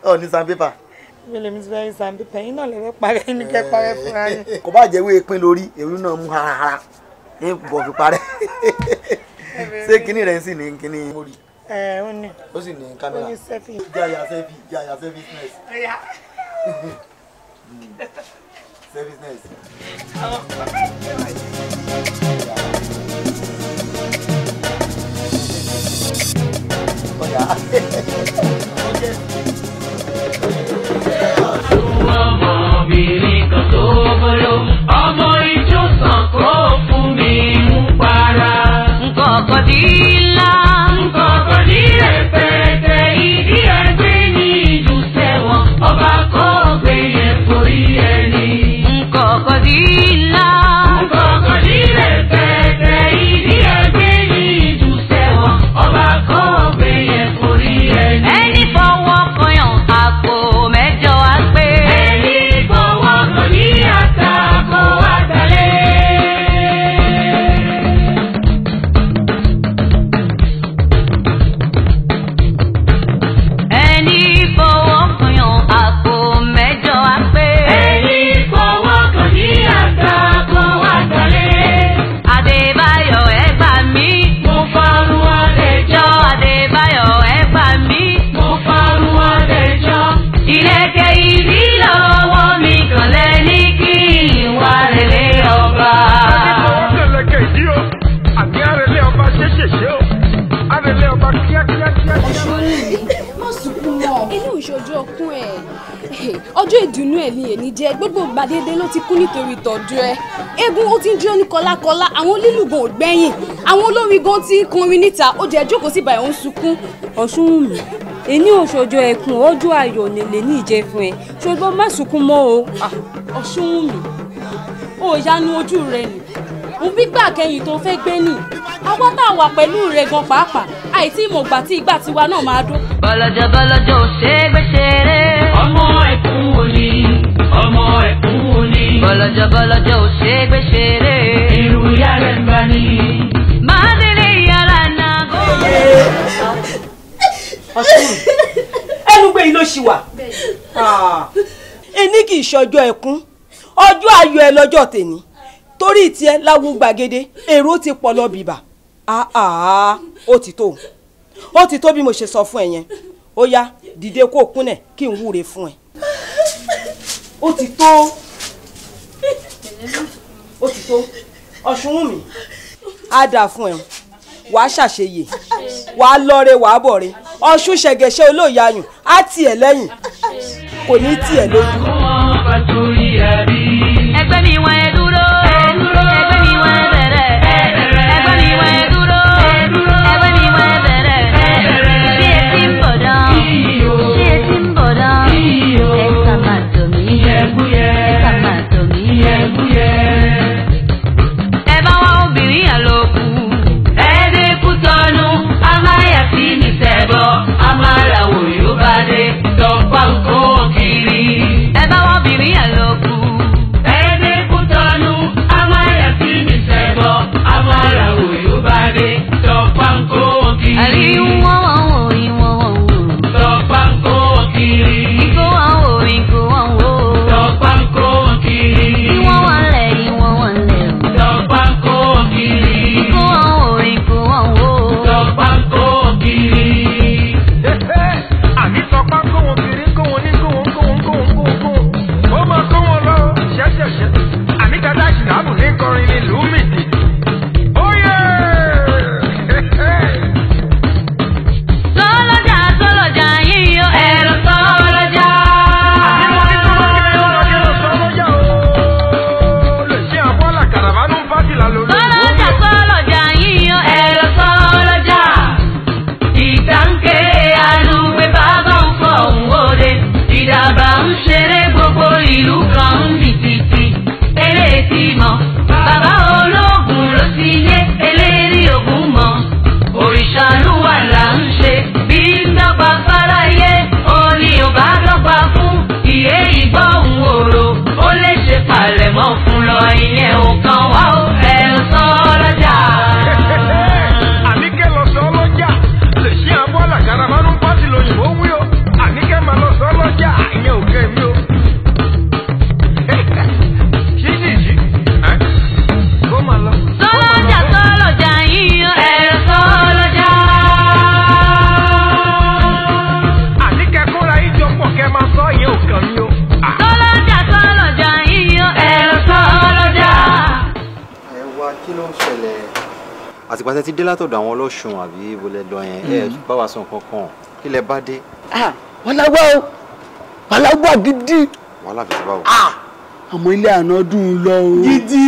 ọ ní sanpépà. mi lè mi ti fẹ́ sanpépà yín náà lè fẹ́ parẹ́ ní kẹ́ parẹ́ fúnra rẹ̀. kò bá jẹ́ wíwé pín lórí èrú náà mú harahara ń bọ̀ fi parẹ́ ṣé kíní rẹ̀ sì ní kíní mórí. ẹ ó ní. ó sì ní kámẹ́rà. ó ní sẹ́fì. jaya sẹ́fì jaya sẹ́fìsínẹ́sì. ẹ̀yà. sẹ́fìsínẹ́sì. àwọn ọmọ mi ọ̀yà. ọmọ ọjọ́ ìdùnnú ẹ̀ ni èní jẹ́ gbogbo gbàdédé ló ti kú nítorí tọ̀dú ẹ eégún ó ti ń jó ní kọlákọlá àwọn lílùgbọ̀n ò gbẹ́yìn àwọn olórin gan ti ń kọrin níta ó jẹ́ jókòó sí báyìí ó ń sunkún. ọ̀ṣun mi èní òṣòjọ ẹkùn ọjọ́ ayọ̀ nílé ní ìjẹ fún ẹ ṣùgbọ́n má sunkún mọ́ o ọ̀ṣun mi ò yanu ojú rẹ nì ń gbígbà kẹyìn tó fẹ́ gbé nì àwa tá a wà pẹ̀lú rẹ gan pàápàá àìtí ìmọ̀gbà tí ìgbà tiwa náà máa dún. bọ́lọ́jọ́ bọ́lọ́jọ́ ò ṣeé gbé ṣeré. ọlọ́jọ́ bọ́lọ́jọ́ ò ṣe é gbé ṣeré. irú ìyá rẹ̀ ń bá ní. máa délé yàrá náà kó. ọ̀sùn ẹnu gbé iná ṣì wà. ẹni kì í ṣọjọ́ ẹkún ọjọ́ ayọ̀ ẹ lọ́jọ́ tèmi torí tiẹ̀ láwù gbàgede èrò ti pọ̀ lọ bìbà ó ti tó ó ti tó bí mo ṣe sọ fún ẹ yẹn ó yá dìde kó kúnlẹ̀ kí n wúre fún ẹ ó ti tó ó ti tó ọ̀ṣun wù mí á dà fún ẹ̀ wàá ṣàṣeyè wàá lọ́re wàá bọ̀re ọ̀ṣun ṣẹ̀gẹ̀ṣẹ̀ olóòyàyùn á tiẹ̀ lẹ́yìn kò ní tiẹ̀ lójú. ẹgbẹ́ mi wọ́n ẹ pàṣẹ ti dé látọ̀dọ̀ àwọn ọlọ́sùn àbí ìbòlẹ̀ lọ yẹn ẹ mm. bá wa sọ nǹkan kan kí lẹ bá dé. Ah, wàhálà wà o wàhálà wà gidi. wàhálà bìí báwo. Ah! àmọ́ ilé àná dùn ún lọ o. gidi.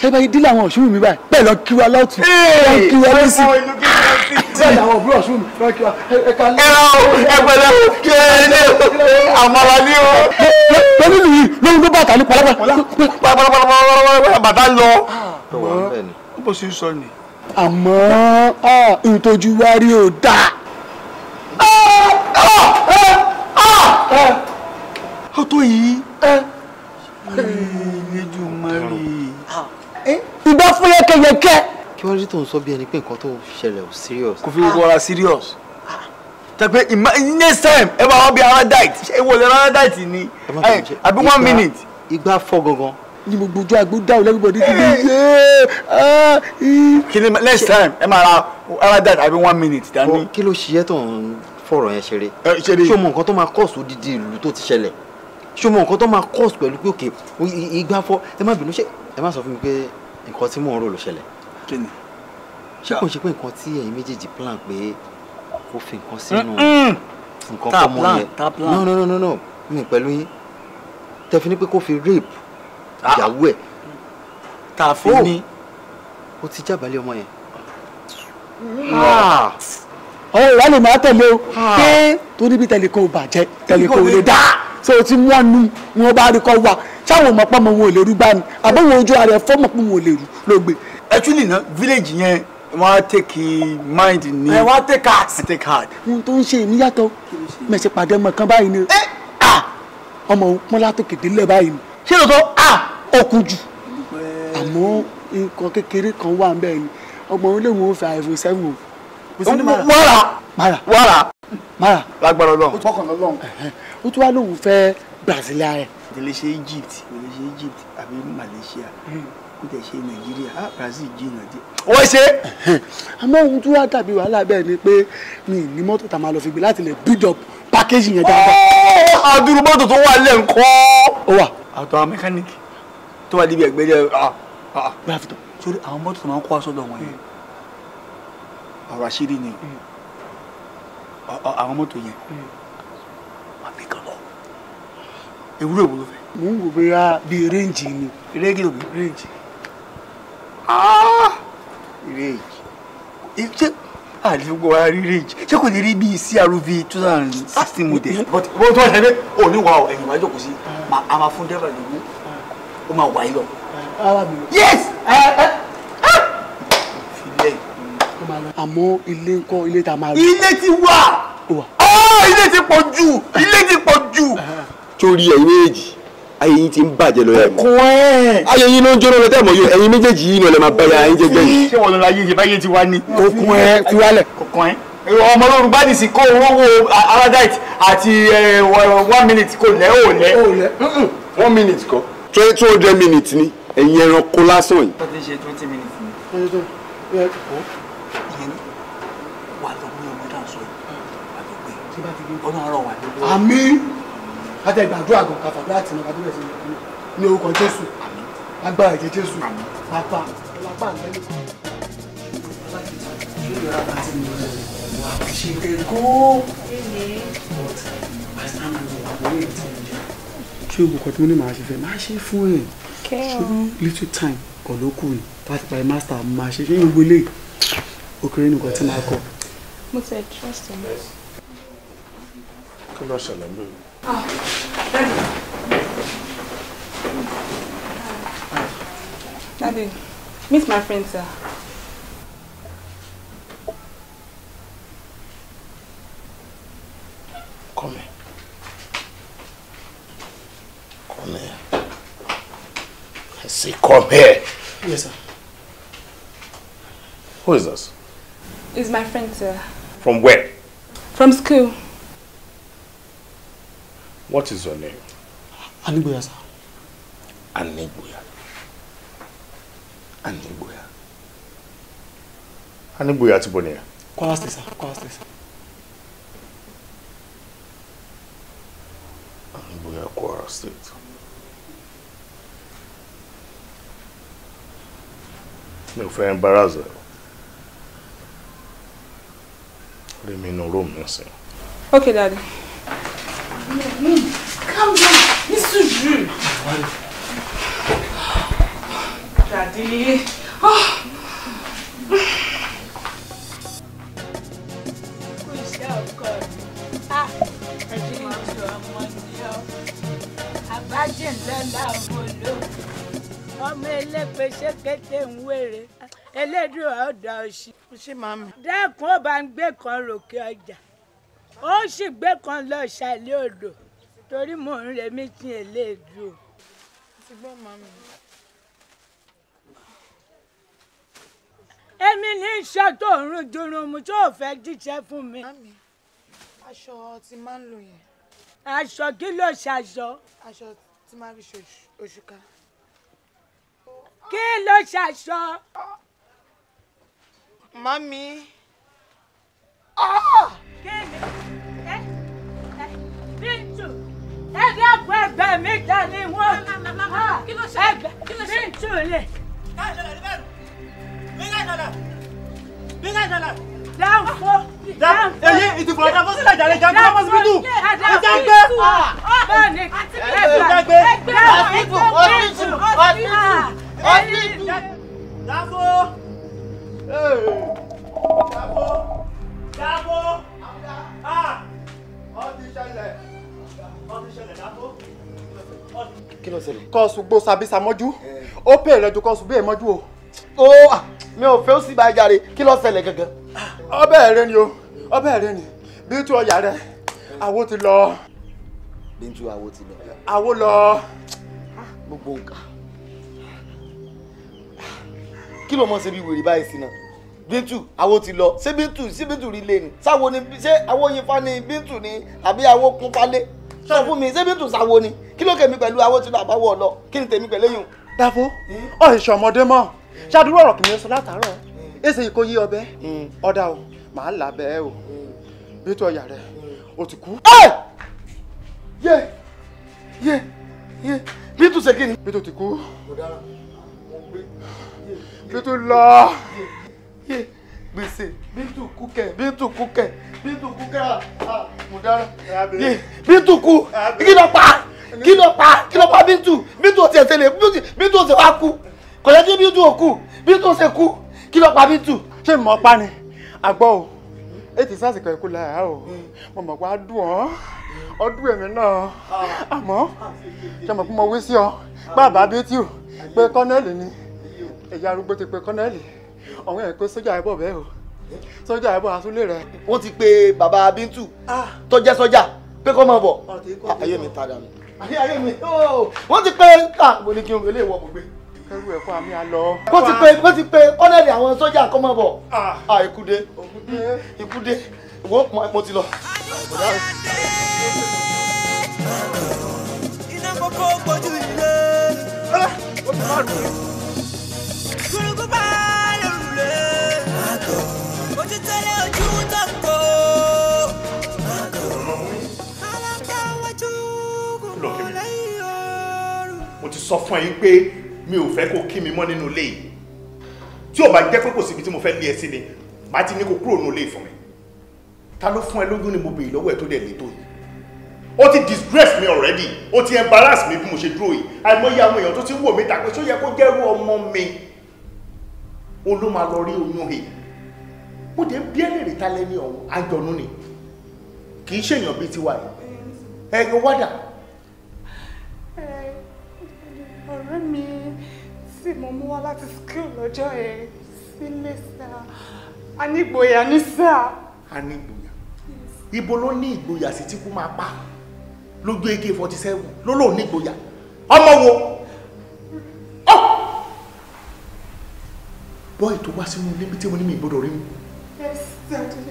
ṣé báyìí dílé àwọn ọ̀ṣun mi báyìí bẹ́ẹ̀ lọ kí wa lọ́tún lọ kí wa lọ́sì. bẹ́ẹ̀ làwọn òbí ọ̀ṣun mi lọ kí wa ẹ̀ka lọ. ẹ̀rọ ẹgbẹ̀rẹ̀ kí ẹ ní àmàlà ní o. lórí mi lórí ló bàtà ní palapalapa. palapalapa bàtà lọ. Ah! bó ṣe ń sọ nìyí àmọ́ ìtọ́jú wa rí ò dáa. ó tó yìí lẹ́jọ́ máa rí i. ìbá fún yẹkẹyẹkẹ. kí wọ́n rí tó ń sọ bí ẹni pé nǹkan tó ṣẹlẹ̀ ò serious. kò fi gbogbo ah. ara serious tẹpẹ next time ẹ bá wọn bí ara diet ṣé ìwọlẹ ara diet ni àbí one minute. ìgbà fọ gangan ni mo gbójú àgbo dáhùn everybody ti ní yé. Ah, eh. kí ni next time ẹ máa ra ẹ máa dá tàbí one minute dání. kí ló ṣiyẹ́ tó ń fọ̀rọ̀ yẹn ṣeré ṣé o mọ nǹkan tó máa kọ́ọ̀sì odidi ìlú tó ti ṣẹlẹ̀ ṣé o mọ nǹkan tó máa kọ́ọ̀sì pẹ̀lú pé òkè igbá fọ́ ẹ má bínú ṣe ẹ má sọ fún mi pé nǹkan tí mò ń rò ló ṣẹlẹ̀ ṣé kò ń ṣe pé nǹkan tí ẹ̀yin méjèèjì plan pé kò fi nǹkan sínú nǹkan kọ́mọ yẹn no no no no mi pẹ̀lú yín tẹ fi ní pé kó fi rape Ah. ìyàwó ẹ̀ tá a fi oh. ní o ti jábàálẹ̀ ọmọ yẹn. ọ̀rọ̀ ah. ìwà lè máa tẹ̀lé o ah. pé tó níbi tẹ̀lékọ́ bàjẹ́ tẹ̀lékọ́ lè dá so ti wọ́n nu wọn bá rí kọ́ wa ṣáwọn ọmọ pọ́nmọ wọn ò lè rú gbani àbẹ̀wò ojú ara ẹ̀ fọ́mọ̀ pọ́nmọ wọn ò lè rú ló gbé. actually na village yẹn wọ́n á take mind ní. ẹ wọ́n á take heart. ẹ take heart. ohun tó ń ṣe èmi yàtọ̀ mẹ̀sẹ̀ pàdé ọmọ kan báyìí ni eh, ọmọ òun pọ́n látòkè délẹ̀ báyìí ni ṣé lóòótọ́ ó kú jù àmọ́ nǹkan kékeré kan wà nbẹ̀ ni ọmọ òun lè wọ́n fi iPhone o. wàrà wàrà mara lágbára Ọlọ́run ó tún ọkàn lọ́lọ́run o tún wá lóun fẹ́ Brazil rẹ̀. ìdílé ṣe Egypt ìdílé ṣe Egypt àbí Malaysia kó tẹ̀ ṣe nàìjíríà á ah, brazil jìnnà dé. o ṣe. àmọ́ ohun tó wá dàbí wàhálà bẹ́ẹ̀ ni pé mi ní mọ́tò tá a máa lọ fi gbé láti lè build up package yẹn dáadáa. àdúrú mọ́tò tó wà lẹ́ǹkọ́. ó wà. àtọ̀ àwọn mẹkáníìkì tó wà níbi ẹgbẹ́ rẹ̀ ah fìtọ̀ sórí àwọn mọ́tò tó máa ń kó aṣọ dọ̀ wọ̀nyẹn ọ̀rọ̀ àṣírí ni àwọn mọ́tò yẹn wà bí kan lọ ewúrẹ́ wo ló fẹ́. mo ń wò bóyá bíi réǹjì ni. réǹjì lóbi réǹjì. réǹjì ṣé àdìgbò wa rí réǹjì ṣé kò ní rí bíi crv two thousand and sixteen model. bó tó ṣe dé òní wa ẹ̀yìn wájú kò sí a máa fún dẹ́rẹ́bà ó máa wà yín yes. àmọ́ ilé ńkọ́ ilé tá a máa. ilé ti wà ilé ti pọ̀ jù ilé ti pọ̀ jù. torí ẹ̀yin méjèèjì ayé ti ń bàjẹ́ lọ́yà mi. kọ́ ẹ̀. ayé yín ló ń jóná lọ́tẹ̀ mọ́ yóò ẹ̀yin méjèèjì yìí ni ọ̀lẹ́ máa bẹ̀rẹ̀ ayé jẹjẹ yìí. ṣé wọn lọ la yé yé báyé ti wá ní. kókun ẹ ti wálẹ̀. kókun ẹ ọmọ lóru bá kó owó wo aradite àti one minute kò lẹ́ òòlẹ́. one minute kọ́ twenty two hundred minutes ni ẹ̀yin ẹranko lásán yìí. ó ti ṣe twenty minutes ni. wà lọ mú ọmọ dáhùn sọ yìí ọlọ́run rọ̀ wà lọ́wọ́. àmín àti ìgbàdúrà gan kàfàdúrà tì náà kàdúrà sí ní orúkọ jésù agbára ìjẹ jésù pápá lápá àgbẹ̀ She can go. Mm-hmm. But I stand and wait ṣé o kò tí mo ní màá ṣe fẹ́ máa ṣe fún ẹ̀ oh. little time kọ̀ ló kù ní láti parí master máa ṣe ṣé gbogbo ilé òkèrè nìkan tí máa kọ. mo ti ẹ̀ trust him. kí ló ṣẹlẹ̀ ń bẹ̀rù. Ah, ah. Daddy, meet my friend, sir. say, come here. Yes, sir. Who is this? It's my friend, sir. From where? From school. What is your name? Anigboya, sir. Anigboya. Anigboya. Anigboya ti Bonia. Kwara State, sir. Kwara sir. Anigboya, Kwara State. mi ò fẹ́ embarrass ẹ mi inú room mi ok daddy. calm down ní sùúrù. daddy. Oh. Virgin, the love ọmọ elépe ṣé kété ń wéré elédùn ọ̀dà òṣì. ó ṣe máa mi. dẹ́kun ó bá ń gbé kan ròkè ọjà ó sì gbé kan lọ ṣàlẹ̀ odò torí mò ń re mítí elédùn. ti gbọ́ màmí. èmi ní iṣẹ́ tó ń rún jurunmu tó fẹ́ jíṣẹ́ fún mi. mami aṣọ ti máa ń lò yẹn. aṣọ kí ló ṣaṣọ. aṣọ ti máa ń rí oṣù ká kí ló ṣàṣọ. mami. Ah! kéèmí ẹ ẹ bíntù ẹ dẹ́kun ẹgbẹ́ mi tẹ̀lé wọn ah, ẹgbẹ́ bíntù lè. Ah, èyí ìdìbò ọ̀dà fọ́sílẹ̀ jàre jàre jàre fọ́sibítù ìjàgbé ìjàgbé ọ̀sibítù ọ̀sibítù ọ̀sibítù. Onílù. Dàbò. Dàbò. Dàbò. Ọtí ṣẹlẹ̀. Ọtí ṣẹlẹ̀ dàbò. Kí ló ṣẹlẹ̀? Kọ́ọ̀sù gbó sabisa mọ́jú. Ó pè lẹ́jọ́ kọ́ọ̀sù bí èèmọ́jú o. Ó mi ò fẹ́ ó sì bá a jàre. Kí ló ṣẹlẹ̀ gangan? Ọbẹ̀ rẹ ni o. Ọbẹ̀ rẹ ni. Bí tú ọjà rẹ, àwo ti lọ. Bí tú àwo ti lọ. Àwo lọ. Gbogbo nǹkan kí ló mọ ṣe bí wèrè báyìí sí náà bíntu àwo ti lọ ṣé bíntu ṣé bíntu rí lé ni sáwo ni ṣé àwo yin fa ni bíntu ni àbí àwo kún falé sọ fún mi ṣé bíntu sáwo ni kí ló kẹmi pẹ̀lú àwo ti lọ àbáwọ̀ lọ kí ni tèmi pẹ̀lú yìí. dáfó hmm? ọ ìṣọ ọmọdé mọ ṣàdúró ọ̀rọ̀ kìnìún sọ látàárọ̀ èsì hmm. yìí kò yí ọbẹ hmm. ọdà o màá là bẹ́ẹ̀ o bíntu ọyà rẹ o ti kú. yé yé yé bíntu ṣe kí ni. bíntu ti kú. kò dára. Bintu lọ. Gbèsè Bintu kú kẹ̀ Bintu kú kẹ̀ Bintu kú kẹ̀ ah, ah, Mùdára. Bintu kú kí ló pa kí ló pa kí ló pa Bintu Bintu ò tiẹ̀ tẹ̀lé Bintu ò tiẹ̀ wá kú kò yẹ kí Bintu ò kú Bintu ò ṣe kú kí ló pa Bintu. Ṣé mo pa ni? Àgbọ̀ o, ètò sásìkò ẹ̀kú lára o, mo mọ̀ pé a dùn ọ́ ọdún ẹ̀mí náà ah. àmọ́ ṣe mọ̀ pé mo wí sí ọ pé àbá bí tí o pé kọ́nẹ́ẹ̀lì ni ẹ̀yà arúgbó ti pe kọ́nẹ́ẹ̀lì ọ̀hún ẹ̀ pé sójà ẹ̀bọ̀ bẹ́ẹ̀ o sójà ẹ̀bọ̀ àsúlẹ̀ rẹ̀. wọ́n ti pe bàbá Bíntù ah. tó jẹ́ sójà pé kó máa bọ̀ ayé mi ta dànù. ayé mi wọ́n ti pe mo ní kí n lè wọ gbogbo kẹrù ẹ̀ àmì àlọ́. wọ́n ti pe wọ́n ti pe kọ́nẹ́ẹ̀lì àwọn sójà kó máa bọ̀ ìkúdé ah. ìkúdé wo mo ti lọ. iná gbogbo gbojú sọ fún ẹ yín pé mi ò fẹ́ kó kí mi mọ́ nínú ilé yìí tí ò bá jẹ́ pé kò síbi tí mo fẹ́ lé ẹ sí ni màá ti ní kó kúrò nínú ilé fún mi ta ló fún ẹ lóyún ni mo béèrè lọ́wọ́ ẹ tó dẹ̀ lé tó yìí ó ti disgrace mi already ó ti embarrass mi bí mo ṣe dúró yìí àìmọye àwọn èèyàn tó ti wò mí tàpé ṣó yẹ kó jẹ́rú ọmọ mi ó ló máa lọ rí oyún he mo dé bí ẹlẹ́rìí ta lẹ́ni ọ̀hún àjọ̀nú ni kì í ṣèyàn bíi tiwa yìí ẹ̀yọ́ wádà mú wá láti skul lọ́jọ́ ẹ̀ sílé sá a ní ìgboyà ní sá. a ní ìgboyà ibo ló ní ìgboyà sí tí kú máa pa lójú ak forty seven ló lóun ní ìgboyà ọmọ wo bọ́ọ̀ tó wá sínú níbi tí mo ní mi gbọ́dọ̀ rí mu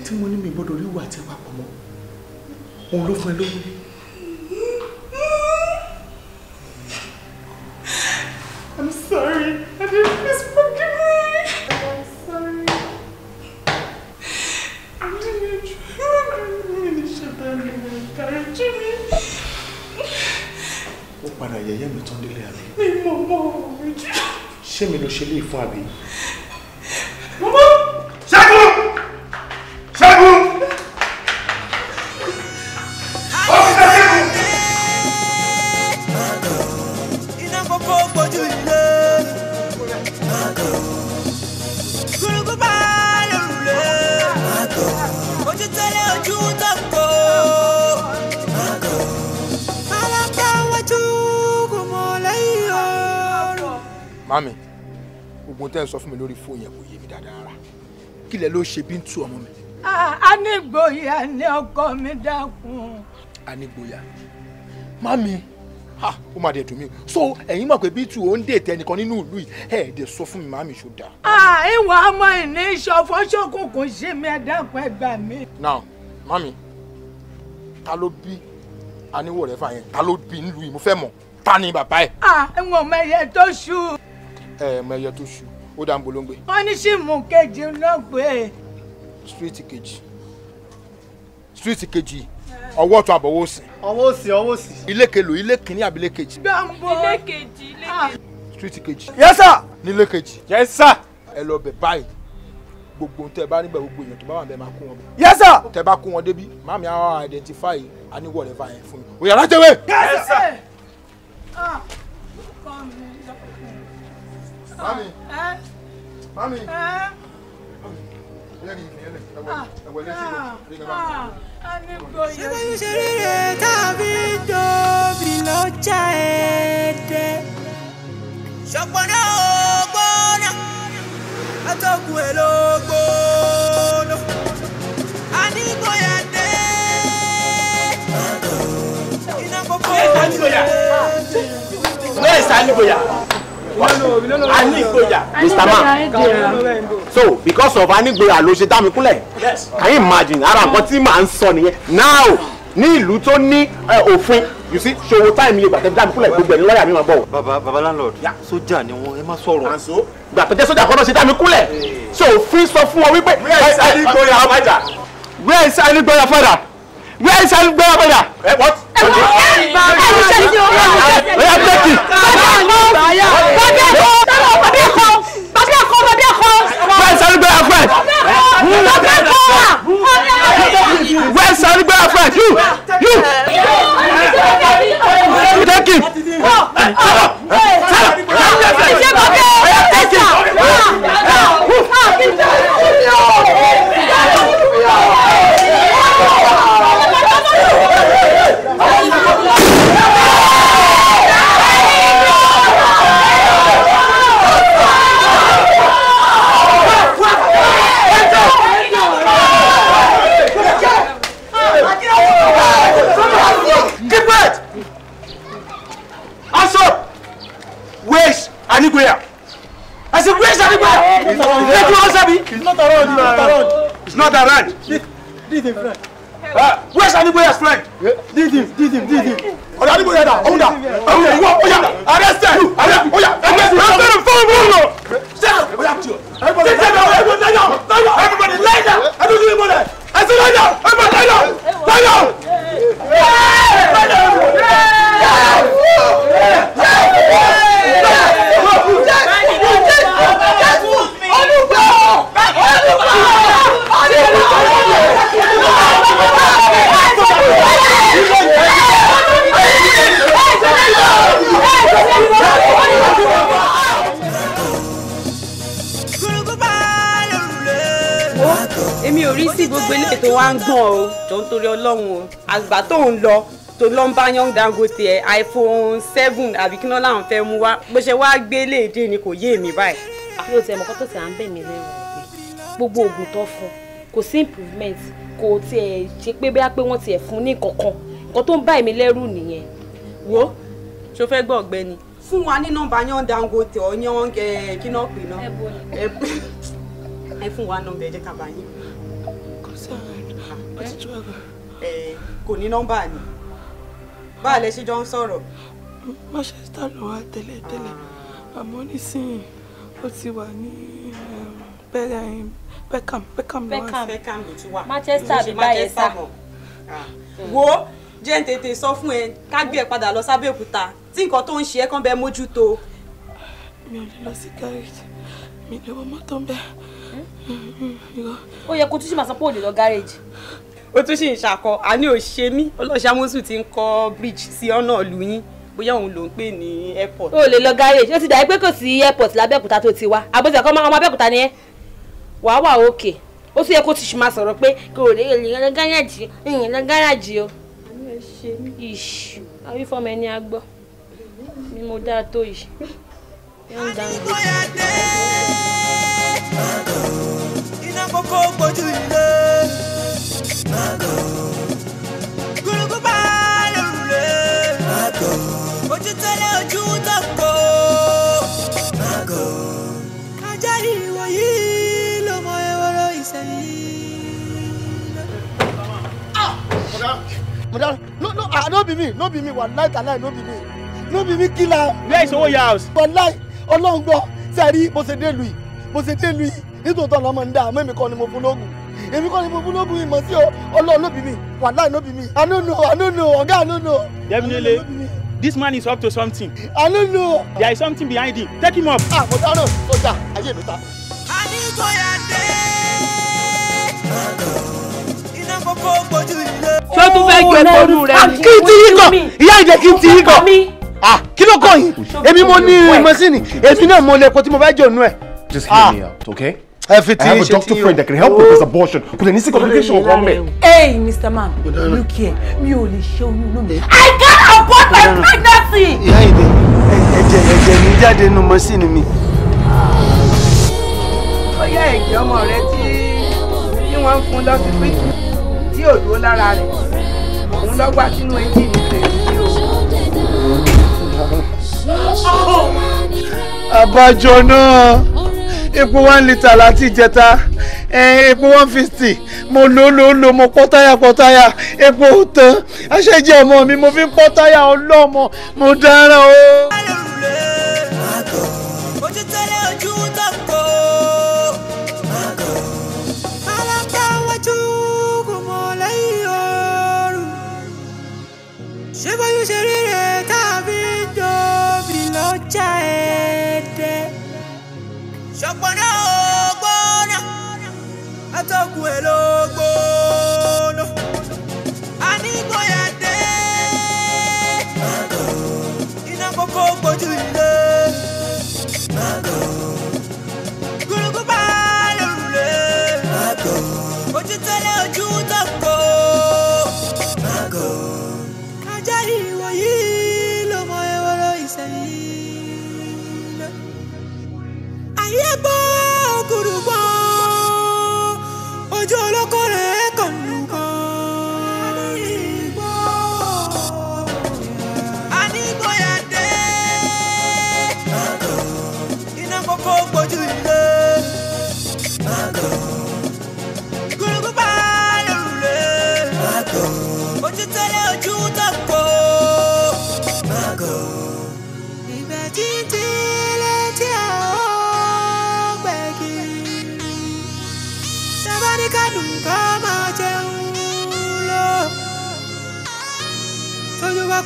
tí mo ní mi gbọ́dọ̀ rí wà tí wà pọ̀ mọ́ òun ló fún ẹ lóyún. Semino Xeli Fadi. lórí fóònù yẹn kò yé mi dáadáa rárá kí lẹ ló ṣe Bíntù ọmọ mi. Anígboyà ni ọkọ mi dákun. Anígboyà mami ó máa dẹ̀ dùn mí so ẹ̀yin mọ̀ pé tu ó ń dètè ẹnìkan nínú ìlú yìí ẹ̀ ẹ̀ dẹ̀ sọ fún mi màmí ṣó dáa. ìwà ọmọ ìní ìṣọ̀fọ̀ ṣókùnkùn ṣe mi ẹ dákun ẹ gbà mí. now mami ta ló bí aníwọ̀ rẹ̀ fà yẹn ta ló bí nílùú yìí mo fẹ́ mọ̀ ta ni bàbá ẹ̀. ah ẹ̀wọ̀n mẹ́yẹ tó ṣú. ẹ̀ mẹ́yẹ tó ṣú ó dá ń bolóńgbé. wọ́n ní síìmù kejì ló gbé. street kejì street kejì ọwọ́ ọ̀tún àbọ̀wọ́ òsì. ọwọ́ òsì ọwọ́ òsì. ilé kelo ilé kìíní àbí kejì. gbàǹbó ilé kejì ilé ah. kejì. street kejì. yes sir. nílé kejì. yes sir. ẹ lọ bẹ̀ báyìí gbogbo tẹ bá nígbà gbogbo èèyàn tó bá wà bẹ́ẹ̀ máa kó wọn bọ̀. yes sir. tẹ bá kó wọn débi màmí àwọn identify a ní wọlé báyẹn fún mi. òyàrá tẹwé. yes sir. Ah, mi. Mami. Mami. Ṣébí ṣeré tàbí dòbí lọ́jà ẹ̀ẹ́dẹ́. Ṣọ̀pọ̀ náà ó gbóná, atọ́kùn ẹ̀ ló gbóná. A ní gbóyà dé. Iná gbogbo. Ilé ìsàlùbọ̀yà. Ilé ìsàlùbọ̀yà. Anigboya. Mr. Man. So because of Anigboya ló ṣe dá mi kúnlẹ̀. Can you imagine? Ara nǹkan tí màá ń sọ nìyẹn. Now ní ìlú tó ní òfin you see ṣòwò táìmì ìgbà tẹ́lẹ̀ dá mi kúnlẹ̀ gbogbo ẹ̀ ní lọ́ọ̀yà mi máa bọ̀. Bàbá Bàbá landlord. Sójà ni wọn ẹ má sọ̀rọ̀. Gbà tó jẹ́ sójà kan náà ṣe dá mi kúnlẹ̀. So òfin sọ fún wọn wípé. Where is Anigboya father? Where is Anigboya father? Where is Anigboya father? Eh, what? Take it. Shani go here. I said, where is go here? Let you answer me. It's not around. It's not around. It's not around. Did uh, oh, oh, oh, him, friend. Ah, where Shani go here's friend? Did him, did him, did him. Ọ̀dà ni mo yẹ da, ọ̀hún da, ọ̀hún da, ìwọ, ọ̀yà, arrest ẹ̀, arrest, ọ̀yà, arrest ẹ̀, arrest ẹ̀, fún mi lọ. Ṣé ọ̀yà ti o? Ṣé ṣe bẹ̀rẹ̀ ẹ̀rọ lay down, lay down, everybody lay down, ẹ̀dùn sí ibodè, ẹ̀sìn lay down, everybody lay down, lay down. Lay down, lay down, lay down. èmi ò rí sí gbogbo ilé tó wá ń gbọ́n o jọ ń torí ọlọ́run o àgbà tó ń lọ tó lọ ń bá young dangote ẹ iphone seven àbí kí náà làwọn fẹ́ mú wá bó ṣe wá gbé léde ni kò yé mi báyìí. yóò tẹ ẹmọ kó tó tẹ à ń bẹ̀ mí lẹ́rù gbogbo oògùn tó fún kò sí improvement kò tiẹ̀ ṣe pé bóyá pé wọ́n tiẹ̀ fún ní kankan nǹkan tó ń bá èmi lẹ́rù nìyẹn. wo ṣo fẹ́ gbọ́ ọ̀gbẹ́ni. fún wa ní nọ́mbà yan Dangote ọyàn oúnjẹ kíná pè náà ẹ fún wa nọ́mbà ẹ jẹ́ ká bá yín. kò ní nọ́mbà ni báà lẹ ṣe jọ ń sọ̀rọ̀. Manchester ló wà tẹ́lẹ̀ tẹ́lẹ̀ ah. àmọ́ nísìnyí ó ti wà ní eh, bẹ́ẹ̀ eh, Beckham Beckham ló wá sí. Beckham ló tún wà. Manchester bí báyìí sá. Wo jẹ́ ń tètè sọ fún ẹ ká gbé ẹ padà lọ sábẹ́òkúta tí nǹkan tó ń ṣe ẹ́ kàn bẹ mójútó. Mi ò lè lọ sí gárèjì, mi ò lè wọ mọ́tò ń bẹ. Ó yẹ kó tún ṣì máa sọ pé ò lè lọ gárèjì. Ó tún ṣì ń ṣàkọ, àní ò ṣe mí, ọlọ́ṣàmọ́sù ti ń kọ́ bridge sí ọ̀nà ìlú yín bóyá òun ló ń pè airport. o lè lọ garage ó ti dàbí pé kò sí airport lábẹ́òkúta tó ti wá àbójà kan máa ọmọ abẹ́òkúta ni ẹ́ wàá wà òkè ó sì yẹ kó ti ṣì máa sọ̀rọ̀ pé kò lè lè lọ gáràjì ìyìn lọ gáràjì o. ìṣù àwífọ́mọ ẹni á gbọ́ ni mo dá tó yìí yóò ń dáhùn. iná kókó gbojú ilé. Mago. Gurugu bá lórúlé. Mago. madam no no ah no be me no be me wallahi talai no be me no be me kill where is your house. wallahi ọlọ́run gbọ́ sẹ́ẹ̀rí bó ṣe dé lu yìí bó ṣe dé lu yìí nítòótọ́ lọ́mọ ń dá àmọ́ èmi kọ́ ni mo fún lóògùn èmi kọ́ ni mo fún lóògùn ìmọ̀ sí o ọlọ́run ló bí mi wallahi ló bí i no know i no know ọ̀gá i no know. definitely this man is up to something. i no know. there is something behind him take him up. ah mo dáràn sójà ayé mi ta. a ní sọ yà dé ṣé o tún fẹ́ gbẹ pẹ̀lú rẹ ni. kí n ti yín kọ ìyá ìjẹ kí n ti yín kọ ah, kí ló kọ yìí èmi mo ní mọ́sìnì èmi náà mo lè kó tí mo bá jò nú ẹ̀. just hear ah. me out okay. I have a doctor friend that can help with this abortion kò lè ní sí complication kan bẹ́ẹ̀. hey mr man look here Me only show you oyún I can't abort my pregnancy. Hey, hey, hey, hey! ẹ̀jẹ̀ ẹ̀jẹ̀ mi jáde nínú mọ́sìnì mi. ó yá ẹ̀jẹ̀ ọmọ rẹ tí wọ́n ń fún lọ́sibítù tí ò dúró lára rẹ̀ òun lọ́gbà sínú ẹjí mi rẹ̀ sí o. náà epo one litre láti ìjẹta epo one fifty mo lo lo lo mo pọ́ táyà pọ́ táyà epo tán àṣejẹ ọmọ mi mo fi ń pọ́ táyà ọlọ́mọ mo dára o. ọ̀pọ̀nà ògbóná atọ́kùn ẹ̀ ló gbóná. àníkòyà dé iná kókó gbójú ìlú.